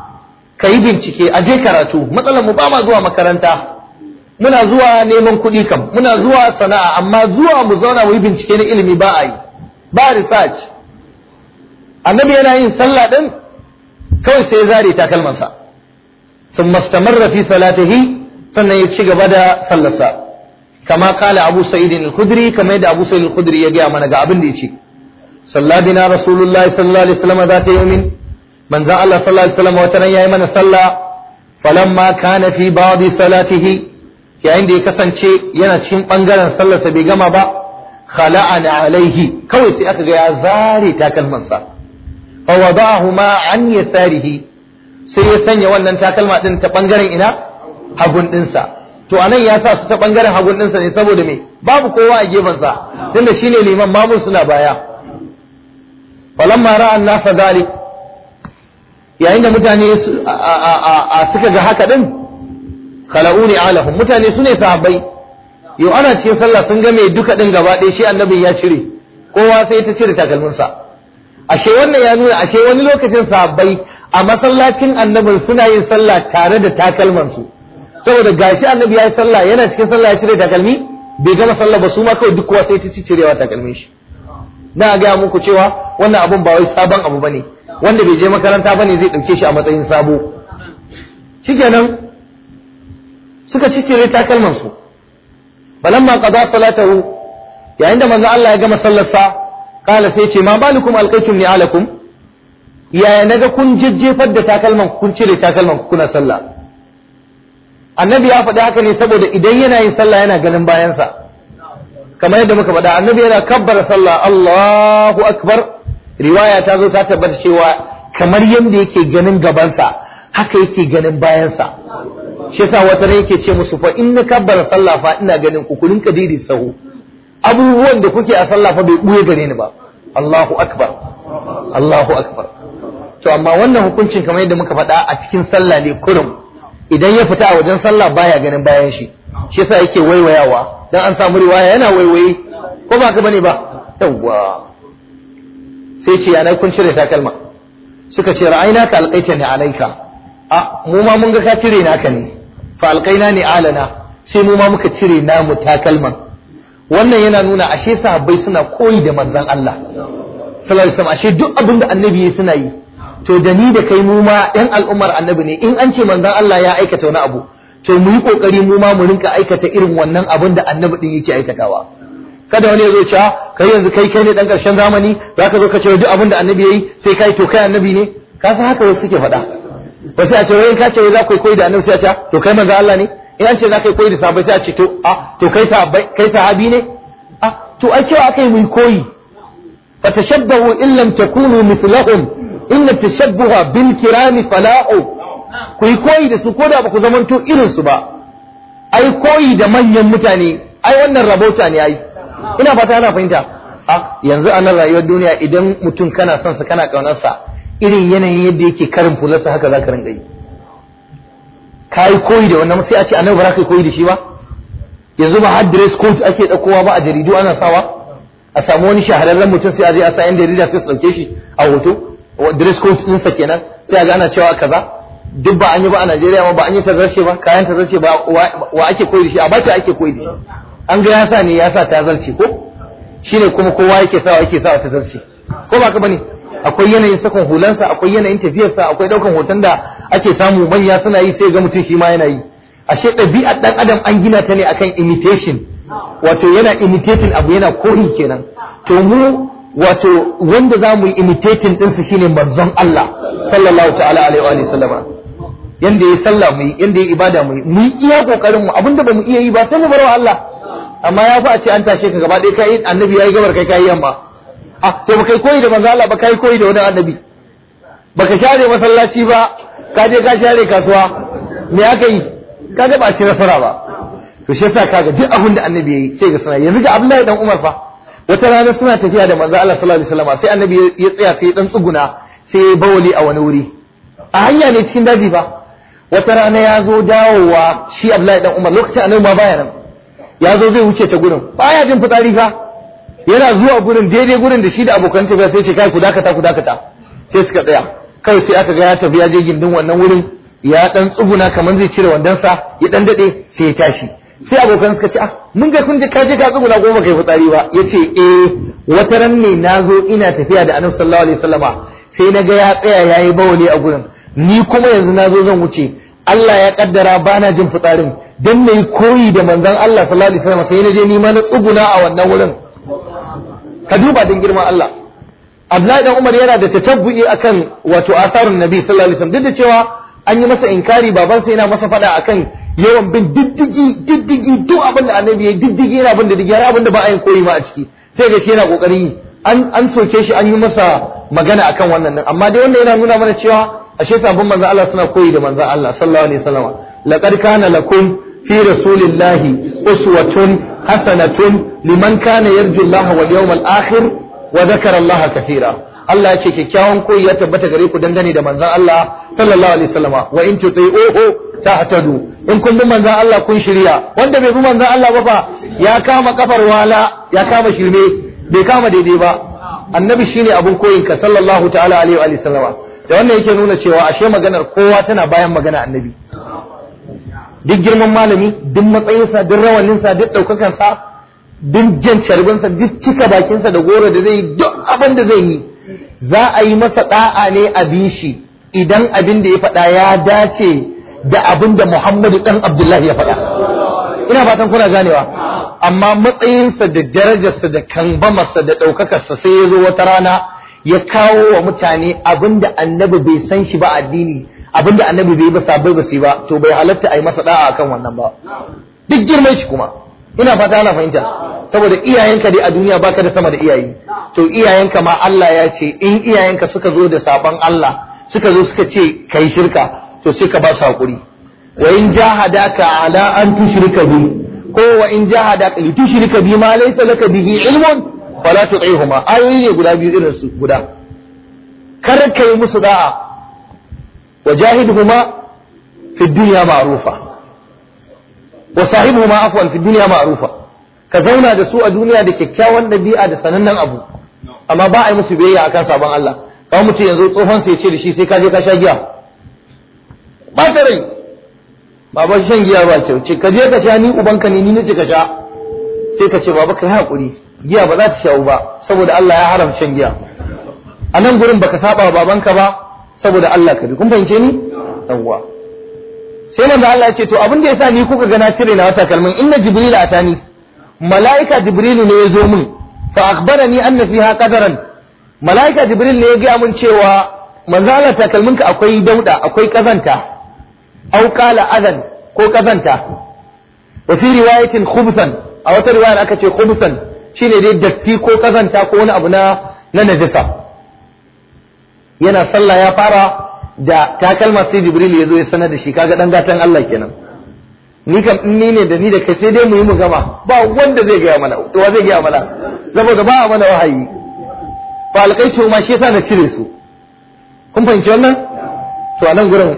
ka yi bincike a je karatu matsalar mu ba ma zuwa makaranta muna zuwa neman kuɗi kam muna zuwa sana'a amma zuwa mu zauna mu yi bincike na ilimi ba a yi ba research annabi yana yin sallah ɗin, kawai sai ya zare takalmansa sun استمر في صلاته sannan ya ci gaba da sallarsa kama kala abu sa'idin al-khudri kama yadda abu sa'idin al ya gaya mana ga abin da ya ce صلى بنا رسول الله صلى الله عليه وسلم ذات يوم من ذا الله صلى الله عليه وسلم وترى من صلى فلما كان في بعض صلاته yayin da ya kasance yana cikin ɓangaren sa bai gama ba khala'ana alaihi kawai sai aka ga ya zare takalmansa fa wada'ahuma an yasarihi sai ya sanya wannan takalma din ta ɓangaren ina hagun dinsa to anan ya sa su ta ɓangaren hagun dinsa ne saboda me babu kowa a gefensa tunda shine liman mamun suna baya falamma ra'a an-nas yayin da mutane suka ga haka din khala'uni alahum mutane sune sahabbai yau ana cikin sallah sun ga mai duka din gaba ɗaya shi annabin ya cire kowa sai ta cire takalminsa ashe wannan ya nuna ashe wani lokacin sahabbai a masallacin annabin suna yin sallah tare da takalmansu saboda gashi annabi ya yi sallah yana cikin sallah ya cire takalmi bai gama sallah ba su ma kawai duk kowa sai ta cirewa takalmin shi na ga muku cewa wannan abun ba wai sabon abu bane wanda bai je makaranta bane zai dauke shi a matsayin sabo shikenan suka cire takalman su balan ma qada salatahu yayin da manzo Allah ya gama sa kala sai ce ma balikum alqaytum ni'alakum yaya naga kun jejjefar da takalman kun cire takalman kuna sallah annabi ya faɗi haka ne saboda idan yana yin sallah yana ganin bayansa kamar yadda muka faɗa annabi yana kabbara sallah Allahu akbar riwaya ta zo ta tabbata cewa kamar yadda yake ganin gabansa haka yake ganin bayansa shi yasa wata ne yake ce musu fa in na kabbara sallah fa ina ganin ku kullun kadiri sahu abubuwan da kuke a sallah fa bai buye gare ni ba Allahu akbar Allahu akbar to amma wannan hukuncin kamar yadda muka faɗa a cikin sallah ne kurum idan ya fita a wajen sallah baya ganin bayan shi shi yasa yake waiwayawa dan an samu riwaya yana waiwaye ko ba ka bane ba yawwa sai ce yana kun cire takalma suka ce ra'ayna ka alqaita ni alayka a mu ma mun ga ka cire naka ne fa alqaina ni alana sai mu ma muka cire namu takalman wannan yana nuna ashe sahabbai suna koyi da manzon Allah sallallahu alaihi wasallam ashe duk abin da annabi suna yi to da ni da kai mu ma ɗan al'ummar annabi ne in an ce manzon Allah ya aikata wani abu to mu yi kokari mu ma mu rinka aikata irin wannan abin da annabi din yake aikatawa kada wani ya zo cewa ah, kai yanzu kai kai ne dan karshen zamani Za ka zo ka ce duk abin da annabi yayi sai kai to kai annabi ne ka san haka wasu suke faɗa wasu a ce wai ka ce wai za ku koyi da annabi sai a ce ah, to kai manzo Allah ne in an ce za ka koyi da sahabbai sai a ce to a ah, to kai sahabbai kai sahabi ne a to ai cewa akai mu koyi fatashabbahu in lam takunu mithlahum inna tashabbuha bil kirami fala'u ku yi koyi da su ko da ba ku zamanto irin su ba ai koyi da manyan mutane ai wannan rabota ne ai ina fata ana fahimta a yanzu a nan rayuwar duniya idan mutum kana son sa kana kaunar irin yanayin yadda yake karin fularsa haka za ka rinka yi ka yi koyi da wannan sai a ce annabi ba za ka koyi da shi ba yanzu ba har dress code ake ɗaukowa ba a jaridu ana sawa a samu wani shahararren mutum sai a je a sa yan jarida sai su ɗauke shi a hoto dress code ɗinsa kenan sai a ga ana cewa kaza duk ba an yi ba a Najeriya ma ba an yi tazarce ba kayan tazarce ba wa ake koyi da shi a bace ake koyi da shi an ga yasa ne yasa tazarce ko shine kuma kowa yake sawa yake sawa tazarce ko ba ka bane akwai yanayin sakon hulansa akwai yanayin tafiyarsa akwai daukan hoton da ake samu manya suna yi sai ga mutum shi ma yana yi ashe ɗabi'ar ɗan adam an gina ta ne akan imitation wato yana imitating abu yana koyi kenan to mu wato wanda za mu yi imitating ɗinsa shine manzon Allah
sallallahu ta'ala alaihi wa sallama
yanda ya sallah mu yanda ya ibada mu mu iya kokarin mu abinda bamu iya yi ba sai mu barwa Allah amma ya fi a ce an tashe ka gaba ɗaya kai annabi yayi gabar kai kai yamma ah to kai koyi da manzo Allah ba kai koyi da wani annabi baka share masallaci ba ka je ka share kasuwa me aka yi Ka ga ba ci nasara ba to shi yasa kaga duk abin da annabi yayi sai ga sana yanzu ga Abdullahi dan Umar fa wata rana suna tafiya da manzo Allah sallallahu alaihi wasallam sai annabi ya tsaya sai dan tsuguna sai ya bawali a wani wuri a hanya ne cikin daji fa wata rana ya zo dawowa shi Abdullahi dan Umar lokacin annabi ma baya nan ya zo zai wuce ta gurin baya jin fitsari fa yana zuwa gurin daidai gurin da shi da abokan tafiya sai ce kai ku dakata ku dakata sai suka tsaya kawai sai aka ga ya tafi ya je gindin wannan wurin ya dan tsuguna kaman zai cire sa ya dan dade sai ya tashi sai abokan suka ce ah mun ga kun je ka je ka tsuguna ko baka yi fitsari ba yace eh wata ran ne nazo ina tafiya da Annabi sallallahu alaihi wasallama sai na ga ya tsaya yayi bawali a gurin ni kuma yanzu na zo zan wuce Allah ya kaddara bana jin fitsarin dan nayi koyi da manzon Allah sallallahu alaihi wasallam sai na je ni ma na tsuguna a wannan wurin ka duba din girman Allah Abdullahi dan Umar yana da tatabbu'i akan wato atharun Nabi sallallahu alaihi wasallam duk da cewa an yi masa inkari baban sai yana masa fada akan yawan bin diddigi diddigi duk abin da annabi ya diddigi yana bin diddigi yana abin da ba a yin koyi ma a ciki sai ga shi yana kokari an an soke shi an yi masa magana akan wannan amma dai wanda yana nuna mana cewa ashe sabon manzo Allah suna koyi da manzo Allah sallallahu alaihi wasallam laqad kana lakum fi rasulillahi uswatun hasanatun liman kana yarju Allah wal yawmal akhir wa dhakara Allah kaseera Allah ya ce kyakkyawan koyi ya tabbata gare ku dangane da manzon Allah sallallahu alaihi wasallam wa in tuti'uhu tahtadu in kun bi manzon Allah kun shirya wanda bai bi manzon Allah ba fa ya kama kafar wala ya kama shirme bai kama daidai ba annabi shine abun koyinka sallallahu ta'ala alaihi wa sallama da wannan yake nuna cewa ashe maganar kowa tana bayan magana annabi duk girman malami duk matsayinsa duk rawaninsa duk ɗaukakarsa duk jan carbinsa duk cika bakinsa da goro da zai duk abin da zai yi za a yi masa ɗa'a ne a bi shi idan abin da ya faɗa ya dace da abin da Muhammadu ɗan Abdullahi ya faɗa ina fatan kuna ganewa amma matsayinsa da darajarsa da kambamarsa da ɗaukakarsa sai ya zo wata rana ya kawo wa mutane abinda annabi bai san shi ba addini abinda annabi bai ba sabai ba ba to bai halatta a yi masa da'a akan wannan ba duk girman shi kuma ina fata ana fahimta saboda iyayenka dai a duniya baka da sama da iyayi to iyayenka ma Allah ya ce in iyayenka suka zo da sabon Allah suka zo suka ce kai shirka to sai ka ba su hakuri wa in jahadaka ala an tushrika bi ko wa in jahadaka li tushrika bi ma laysa laka bihi ilmun fala tu'ihuma ayoyi ne guda biyu irin su guda kar kai musu da'a Wa wajahidhuma fi dunya ma'rufa wa sahibuhuma afwan fi dunya ma'rufa ka zauna da su a duniya da kyakkyawan dabi'a da sanannen abu amma ba a yi musu biyayya akan sabon Allah kawai mutum yanzu tsohon sai ce da shi sai ka je ka sha giya ba ta rai ba ba shan giya ba ce ka je ka sha ni ubanka ne ni nace ka sha sai ka ce baba kai hakuri giya ba za ta shawo ba saboda Allah ya haramta shan giya a nan gurin baka saba wa babanka ba saboda Allah ka bi kun fahimce ni yawwa sai da Allah ya ce to abin da yasa ni kuka ga na cire na wata kalman inna jibril atani malaika jibril ne ya zo min fa akhbarani anna fiha qadaran malaika jibril ne ya ga mun cewa manzo Allah takalminka akwai dauda akwai kazanta au qala adan ko kazanta wa fi riwayatin khubthan a wata riwaya aka ce khubthan Shi ne dai datti ko kazanta ko wani abu na na najasa yana sallah ya fara da takalma sai jibril ya zo ya sanar da shi kaga dan gatan Allah kenan ni kam in ni ne da ni da kai sai dai mu yi mu gama ba wanda zai gaya mana to wa zai gaya mana saboda ba a mana wahayi fa alqaitu ma shi yasa na cire su kun fahimci wannan to a nan gurin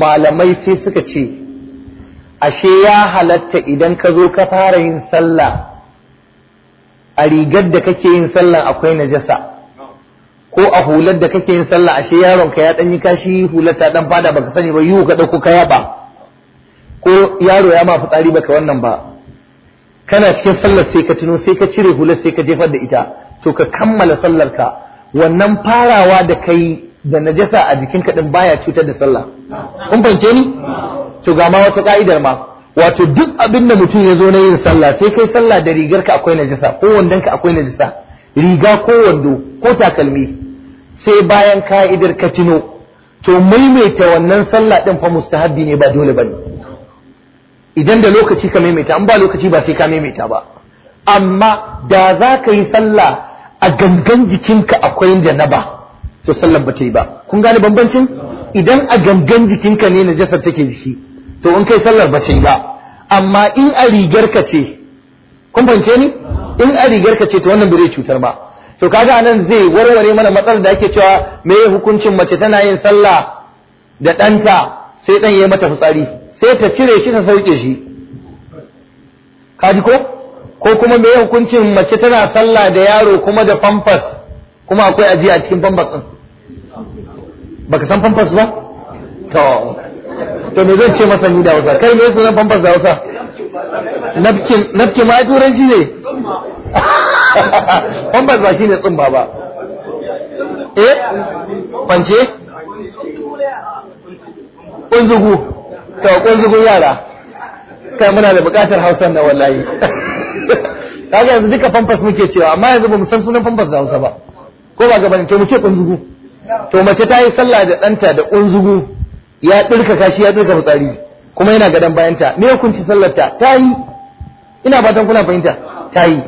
malamai sai suka ce ashe ya halatta idan ka zo ka fara yin sallah a rigar da kake yin sallah akwai najasa ko a hular da kake yin sallah ashe yaron ka ya dan yi kashi hular ta dan fada baka sani ba yiwu ka dauko kaya ba ko yaro ya ma fitsari baka wannan ba kana cikin sallar sai ka tuno sai ka cire hular sai ka jefar da ita to ka kammala sallar ka wannan farawa da kai da najasa a jikinka din baya cutar da sallah kun fahimce ni to ga ma wata ka'idar ma wato duk abin da mutum ya zo na yin sallah sai kai sallah da rigar ka akwai najisa ko wandon ka akwai najasa riga ko wando ko takalmi sai bayan ka'idar ka tino to maimaita wannan sallah din fa mustahabbi ne ba dole bane idan da lokaci ka maimaita an ba lokaci ba sai ka maimaita ba amma da za ka yi sallah a gangan jikinka akwai janaba to sallar ba ta yi ba kun gane bambancin idan a gangan jikinka ne najasar take jiki to in kai sallar ba ba amma in a rigar ka ce kun fahimce ni in a rigar ka ce to wannan bai cutar ba to kaga anan zai warware mana matsalar da ake cewa me hukuncin mace tana yin sallah da ɗanta sai ɗan ya mata fitsari sai ta cire shi ta sauke shi kaji ko ko kuma me hukuncin mace tana sallah da yaro kuma da famfas kuma akwai ajiya a cikin famfas ɗin baka san famfas ba to to me zai ce masa ni da Hausa kai me sunan pampers da Hausa nafkin napkin ma turanci ne pampers ba shine tsumba ba
eh kwance kunzugu
to kunzugun yara kai muna da bukatar Hausa na wallahi kaga yanzu duka pampers muke cewa amma yanzu bamu san sunan pampers da Hausa ba ko ba gaban to mu ce kunzugu to mace ta yi sallah da ɗanta da kunzugu ya dirka kashi ya dirka fitsari kuma yana gadan bayanta me hukunci sallar ta tayi ina fatan kuna fahimta tayi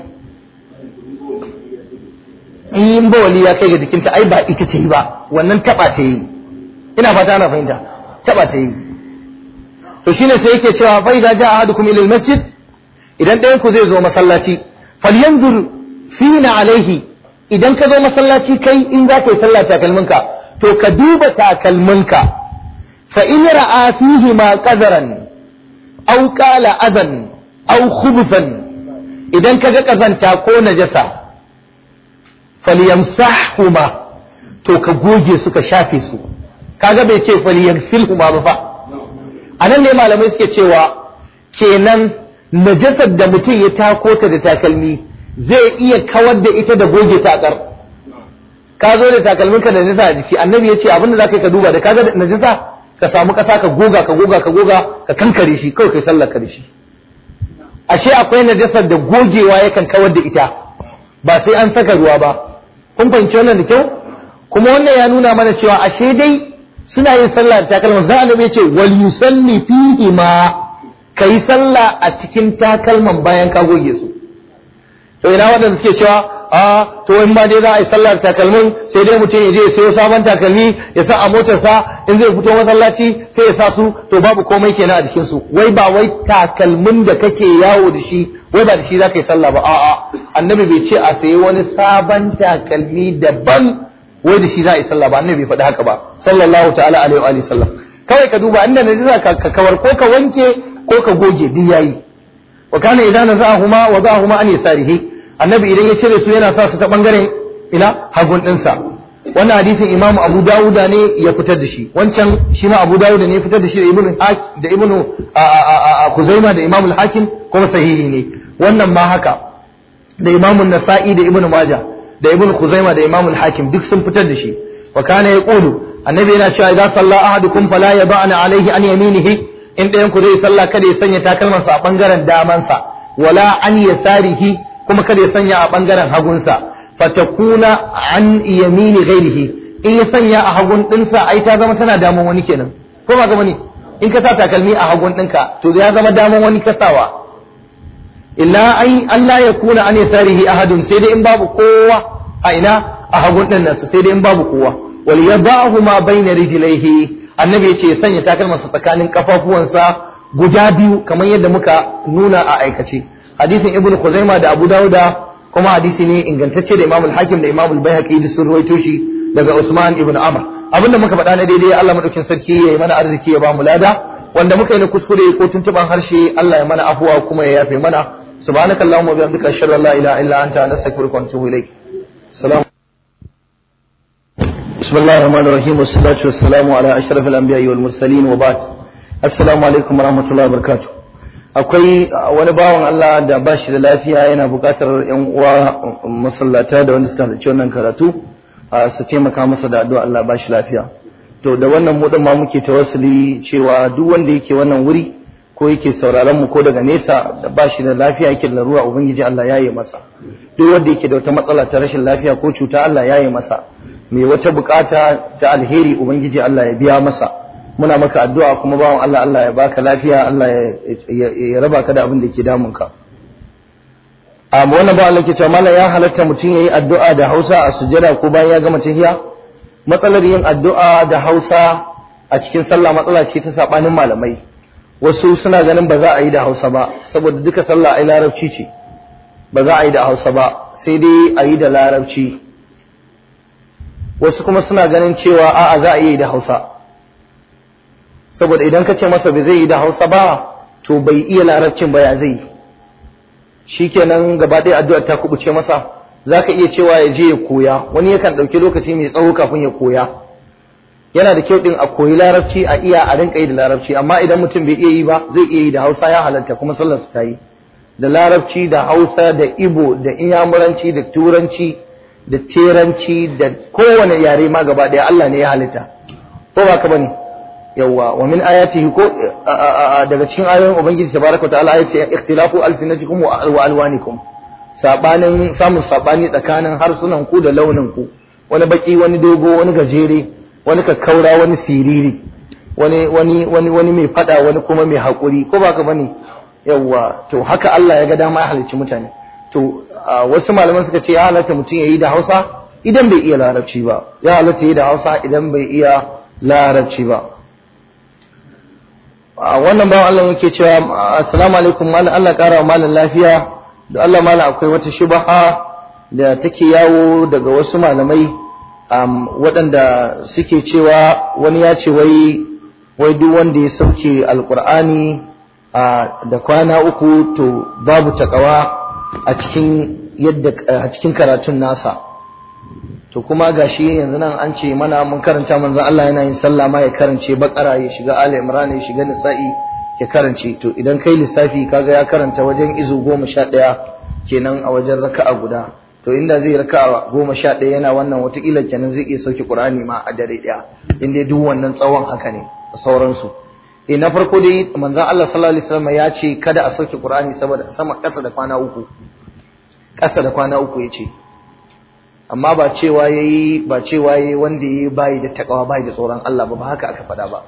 in bawali ya kai ga jikinta ai ba ita ta yi ba wannan taɓa ta yi ina fata ana fahimta taɓa ta yi to shine sai yake cewa fa idza jaa ahadukum ila masjid idan ɗayan ku zai zo masallaci falyanzur fina alaihi idan ka zo masallaci kai in za ka yi sallah takalminka to ka duba takalminka fa in ra'a fihi ma qadaran aw qala adan aw khubzan idan kaga kazanta ko najasa falyamsahuma to ka goge su ka shafe su kaga bai ce falyamsilhuma ba fa anan ne malamai suke cewa kenan najasar da mutum ya tako ta da takalmi zai iya kawar da ita da goge takar ka zo da takalminka da najasa a jiki annabi ya ce abinda za ka ka duba da kaga najasa ka samu kasa ka goga ka goga ka goga ka kankare shi kawai kai sallar kare shi ashe akwai najasar da gogewa yakan kawar da ita ba sai an saka ruwa ba kun fahimci wannan da kyau kuma wannan ya nuna mana cewa ashe dai suna yin sallah da takalma za a ce wal yusalli fihi ma kai sallah a cikin takalman bayan ka goge su to ina wanda suke cewa a to in ba dai za a yi sallar takalmin sai dai mutum ya je ya sabon takalmi ya sa a motarsa in zai fito masallaci sai ya sa su to babu komai kenan a jikinsu. wai ba wai takalmin da kake yawo da shi wai ba da shi ka yi sallah ba a'a annabi bai ce a sayi wani sabon takalmi daban wai da shi za a yi sallah ba annabi bai faɗi haka ba sallallahu ta'ala alaihi wa sallam kawai ka duba inda za ka kawar ko ka wanke ko ka goge duk yayi wa kana idan nazahuma wa zahuma an yasarihi annabi idan ya cire su yana sa su ta bangaren ila hagun dinsa wannan hadisin imam abu dawuda ne ya fitar da shi wancan shi ma abu dawuda ne ya fitar da shi da ibnu da ibnu kuzaima da imam al-hakim kuma sahihi ne wannan ma haka da imam nasai da ibnu maja da ibnu kuzaima da imam al-hakim duk sun fitar da shi wa kana yaqulu annabi yana cewa idan salla ahadukum fala yab'ana alayhi an yaminihi in dayan ku zai sallah kada ya sanya takalmansa a bangaren damansa wala an yasarihi kuma kada ya sanya a bangaren hagunsa fatakuna an yamini ghairihi in ya sanya a hagun dinsa ai ta zama tana damun wani kenan ko ba zama ne in ka sa takalmi a hagun dinka to ya zama damun wani kasawa illa ai Allah ya kuna an yasarihi ahadun sai dai in babu kowa a ina a hagun din nan sai dai in babu kowa wal yadahu ma baina rijlaihi annabi ya ce sanya takalmarsa tsakanin kafafuwansa guda biyu kamar yadda muka nuna a aikace hadisin ibnu khuzaima da abu dauda kuma hadisi ne ingantacce da imamul hakim da imamul bayhaqi da sun ruwaito shi daga usman ibn amr abinda muka faɗa na daidai Allah madaukin sarki ya yi mana arziki ya ba mu lada wanda muka yi na kuskure ko tuntuban harshe Allah ya mana afuwa kuma ya yafe mana subhanakallahumma wa bihamdika ashhadu an la ilaha illa anta nastaghfiruka wa atubu ilaik salam بسم الله الرحمن الرحيم والصلاة والسلام على أشرف الأنبياء والمرسلين وبعد السلام عليكم ورحمة الله وبركاته akwai wani bawan Allah da ba shi da lafiya yana bukatar yan uwa masallata da wanda suka halarci wannan karatu su taimaka masa da addu'a Allah ba shi lafiya to da wannan mu ma muke tawassuli cewa duk wanda yake wannan wuri ko yake sauraron mu ko daga nesa da ba shi da lafiya yake da ruwa ubangiji Allah ya yi masa duk wanda yake da wata matsala ta rashin lafiya ko cuta Allah ya yi masa mai wata bukata ta alheri ubangiji Allah ya biya masa muna maka addu'a kuma bawan Allah Allah ya baka lafiya Allah ya raba ka da abin da ke damun ka amma wannan bawan Allah ke cewa mallan ya halatta mutum yayi addu'a da Hausa a sujada ko bayan ya gama tahiya matsalar yin addu'a da Hausa a cikin sallah matsala ce ta saɓanin malamai wasu suna ganin ba za a yi da Hausa ba saboda duka sallah ai larabci ce ba za a yi da Hausa ba sai dai a yi da larabci wasu kuma suna ganin cewa a'a za a yi da Hausa saboda idan ka ce masa ba zai yi da hausa ba to bai iya larabcin ba ya zai shikenan gaba ɗaya addu'ar ta kubuce masa za ka iya cewa ya je ya koya wani yakan ɗauki lokaci mai tsawo kafin ya koya yana da kyau ɗin a koyi larabci a iya a rinka yi da larabci amma idan mutum bai iya yi ba zai iya yi da hausa ya halarta kuma sallarsa ta yi da larabci da hausa da ibo da inyamuranci da turanci da teranci da kowane yare ma gaba ɗaya allah ne ya halitta ko ba ka ba ne? yawa wa min ayatihi ko daga cikin ayoyin ubangiji tabaraka ta'ala ayati ikhtilafu alsinatikum wa alwanikum sabanin samun sabani tsakanin harsunan ku da launin ku wani baki wani dogo wani gajere wani kakkaura wani siriri wani wani wani wani mai fada wani kuma mai hakuri ko baka bane yawa to haka Allah ya ga dama ya halicci mutane to wasu malaman suka ce ya halatta mutum yayi da Hausa idan bai iya larabci ba ya halatta yayi da Hausa idan bai iya larabci ba wannan bawan Allah yake cewa assalamu alaikum mallan Allah kara wa malam lafiya da Allah mallan akwai wata shubaha da take yawo daga wasu malamai waɗanda suke cewa wani ya ce wai wai duk wanda ya sauke alkur'ani da kwana uku to babu takawa a cikin yadda a cikin karatun nasa to kuma gashi yanzu nan an ce mana mun karanta manzon Allah yana yin sallah ma ya karance bakara ya shiga ali imran ya shiga nisa'i ya karance to idan kai lissafi kaga ya karanta wajen izu goma sha kenan a wajen raka'a guda to inda zai raka'a goma sha ɗaya yana wannan watakila kenan zai iya sauke qur'ani ma a dare ɗaya in dai duk wannan tsawon haka ne da sauransu eh na farko dai manzon Allah sallallahu alaihi wasallam ya ce kada a sauke qur'ani saboda sama ƙasa da kwana uku ƙasa da kwana uku ya ce amma ba cewa yayi ba cewa yayi wanda yayi bai da takawa bai da tsoron Allah ba ba haka aka faɗa ba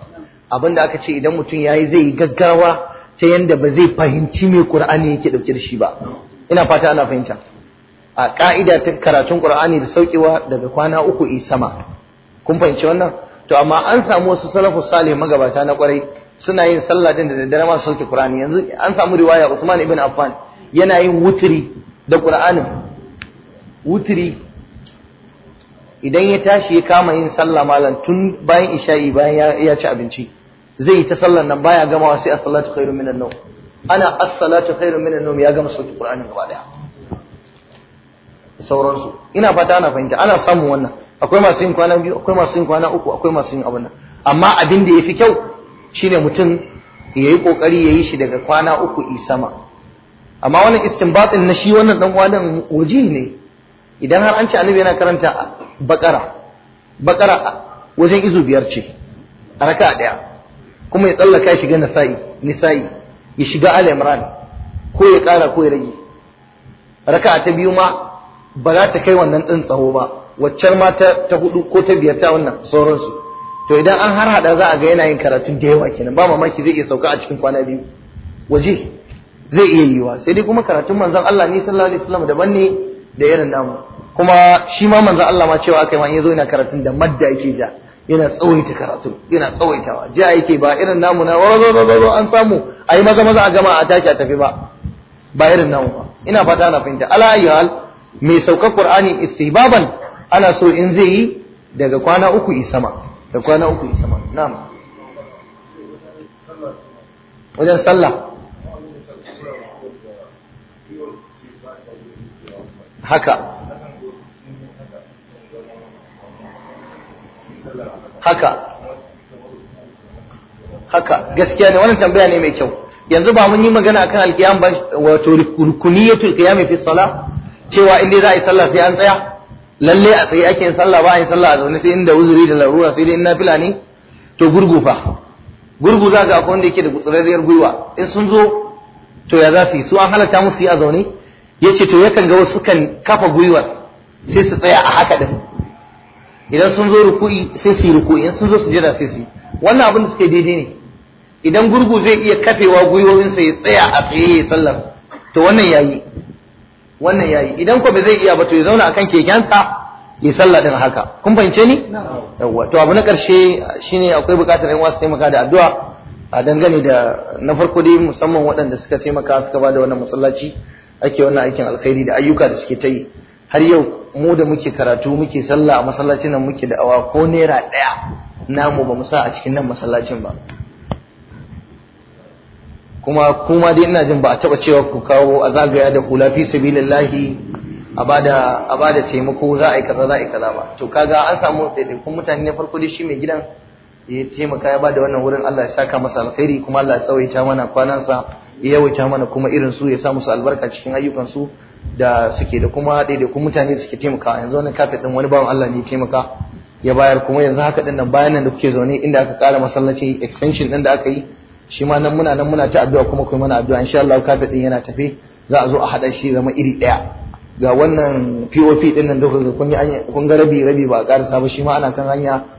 abinda aka ce idan mutum yayi zai yi gaggawa ta yanda ba zai fahimci me Qur'ani yake dauke da shi ba ina fata ana fahimta a ka'ida ta karatun Qur'ani da saukewa daga kwana uku i sama kun fahimci wannan to amma an samu wasu salafu salih magabata na kwarai suna yin sallah din da daddare ma sauke Qur'ani yanzu an samu riwaya Usman ibn Affan yana yin wutiri da Qur'anin wutiri idan ya tashi ya kama yin sallah malam tun bayan isha'i bayan ya ci abinci zai yi ta sallar nan baya gamawa sai a salatu khairu minan nawm ana as-salatu khairu minan nawm ya gama sauki Qur'anin gaba daya sauransu ina fata ana fahimta ana samun wannan akwai masu yin kwana biyu akwai masu yin kwana uku akwai masu yin abun nan amma abin da yafi kyau shine mutum ya yi kokari ya yi shi daga kwana uku i sama amma wannan istinbatin na shi wannan dan uwa waje ne idan har an ci annabi yana karanta bakara bakara wajen izu biyar ce a raka ɗaya kuma ya tsallaka ya shiga nisa'i nisa'i ya shiga al ko ya ƙara ko ya rage raka ta biyu ma ba za ta kai wannan ɗin tsaho ba waccan ma ta hudu ko ta biyar ta wannan sauransu to idan an har hada za a ga yana yin karatun da yawa kenan ba mamaki zai iya sauka a cikin kwana biyu waje zai iya yiwa sai dai kuma karatun manzon Allah ni sallallahu alaihi wasallam daban ne da irin namu kuma shi ma manzo Allah ma cewa kai ma in yazo ina karatun da madda yake ja yana tsawaita karatu yana tsawaitawa ja yake ba irin namu na wazo an samu yi maza maza a gama a tashi a tafi ba ba irin namu ba ina fata na fahimta ala ayyuhal mai sauka qur'ani istihbaban ana so in zai yi daga kwana uku isama da kwana uku isama na'am wajen sallah haka haka haka gaskiya ne wannan tambaya ne mai kyau yanzu ba mun yi magana akan alkiyam ba wato rukuniyatul qiyam fi salah cewa in dai za a yi sallah sai an tsaya lalle a tsaye ake yin sallah ba a yi sallah a zaune sai inda uzuri da larura sai dai in nafila ne to gurgu fa gurgu za ga akwai wanda yake da gutsurariyar gwiwa in sun zo to ya za su yi su an halatta musu yi a zaune yace to yakan ga wasu kan kafa gwiwar sai su tsaya a haka din idan sun zo ruku'i sai su yi ruku'i in sun zo sujada sai su yi wannan abin da suke daidai ne idan gurgu zai iya kafewa sa ya tsaya a tsaye ya sallar to wannan yayi wannan yayi idan ko bai zai iya ba to ya zauna akan kekensa ya sallah din haka kun fahimce ni yawa to abu na karshe shine akwai bukatar yan wasu taimaka da addu'a a dangane da na farko dai musamman waɗanda suka taimaka suka bada wannan masallaci ake wannan aikin alkhairi da ayyuka da suke ta yi har yau mu da muke karatu muke sallah a masallacin nan muke da awa ko naira ɗaya namu ba mu sa a cikin nan masallacin ba kuma kuma dai ina jin ba a taba cewa ku kawo a zagaya da hula fi sabilillahi a bada a bada taimako za a yi kaza za a yi kaza ba to kaga an samu daidaikun mutane na farko dai shi mai gidan ya taimaka ya bada wannan wurin Allah ya saka masa alkhairi kuma Allah ya tsawaita mana sa, ya yawaita mana kuma irin su ya sa musu albarka cikin ayyukan su da suke da kuma kuma mutane da suke taimaka yanzu wani kafet ɗin wani bawan Allah ne ya taimaka ya bayar kuma yanzu haka ɗin nan bayan nan da kuke zaune inda aka kara masallaci extension ɗin da aka yi shi ma nan muna nan muna ta addu'a kuma kuma mana addu'a insha Allah kafet ɗin yana tafe za a zo a haɗa shi zama iri ɗaya ga wannan POP ɗin nan da kuka kun ga rabi rabi ba a ƙarasa ba shi ma ana kan hanya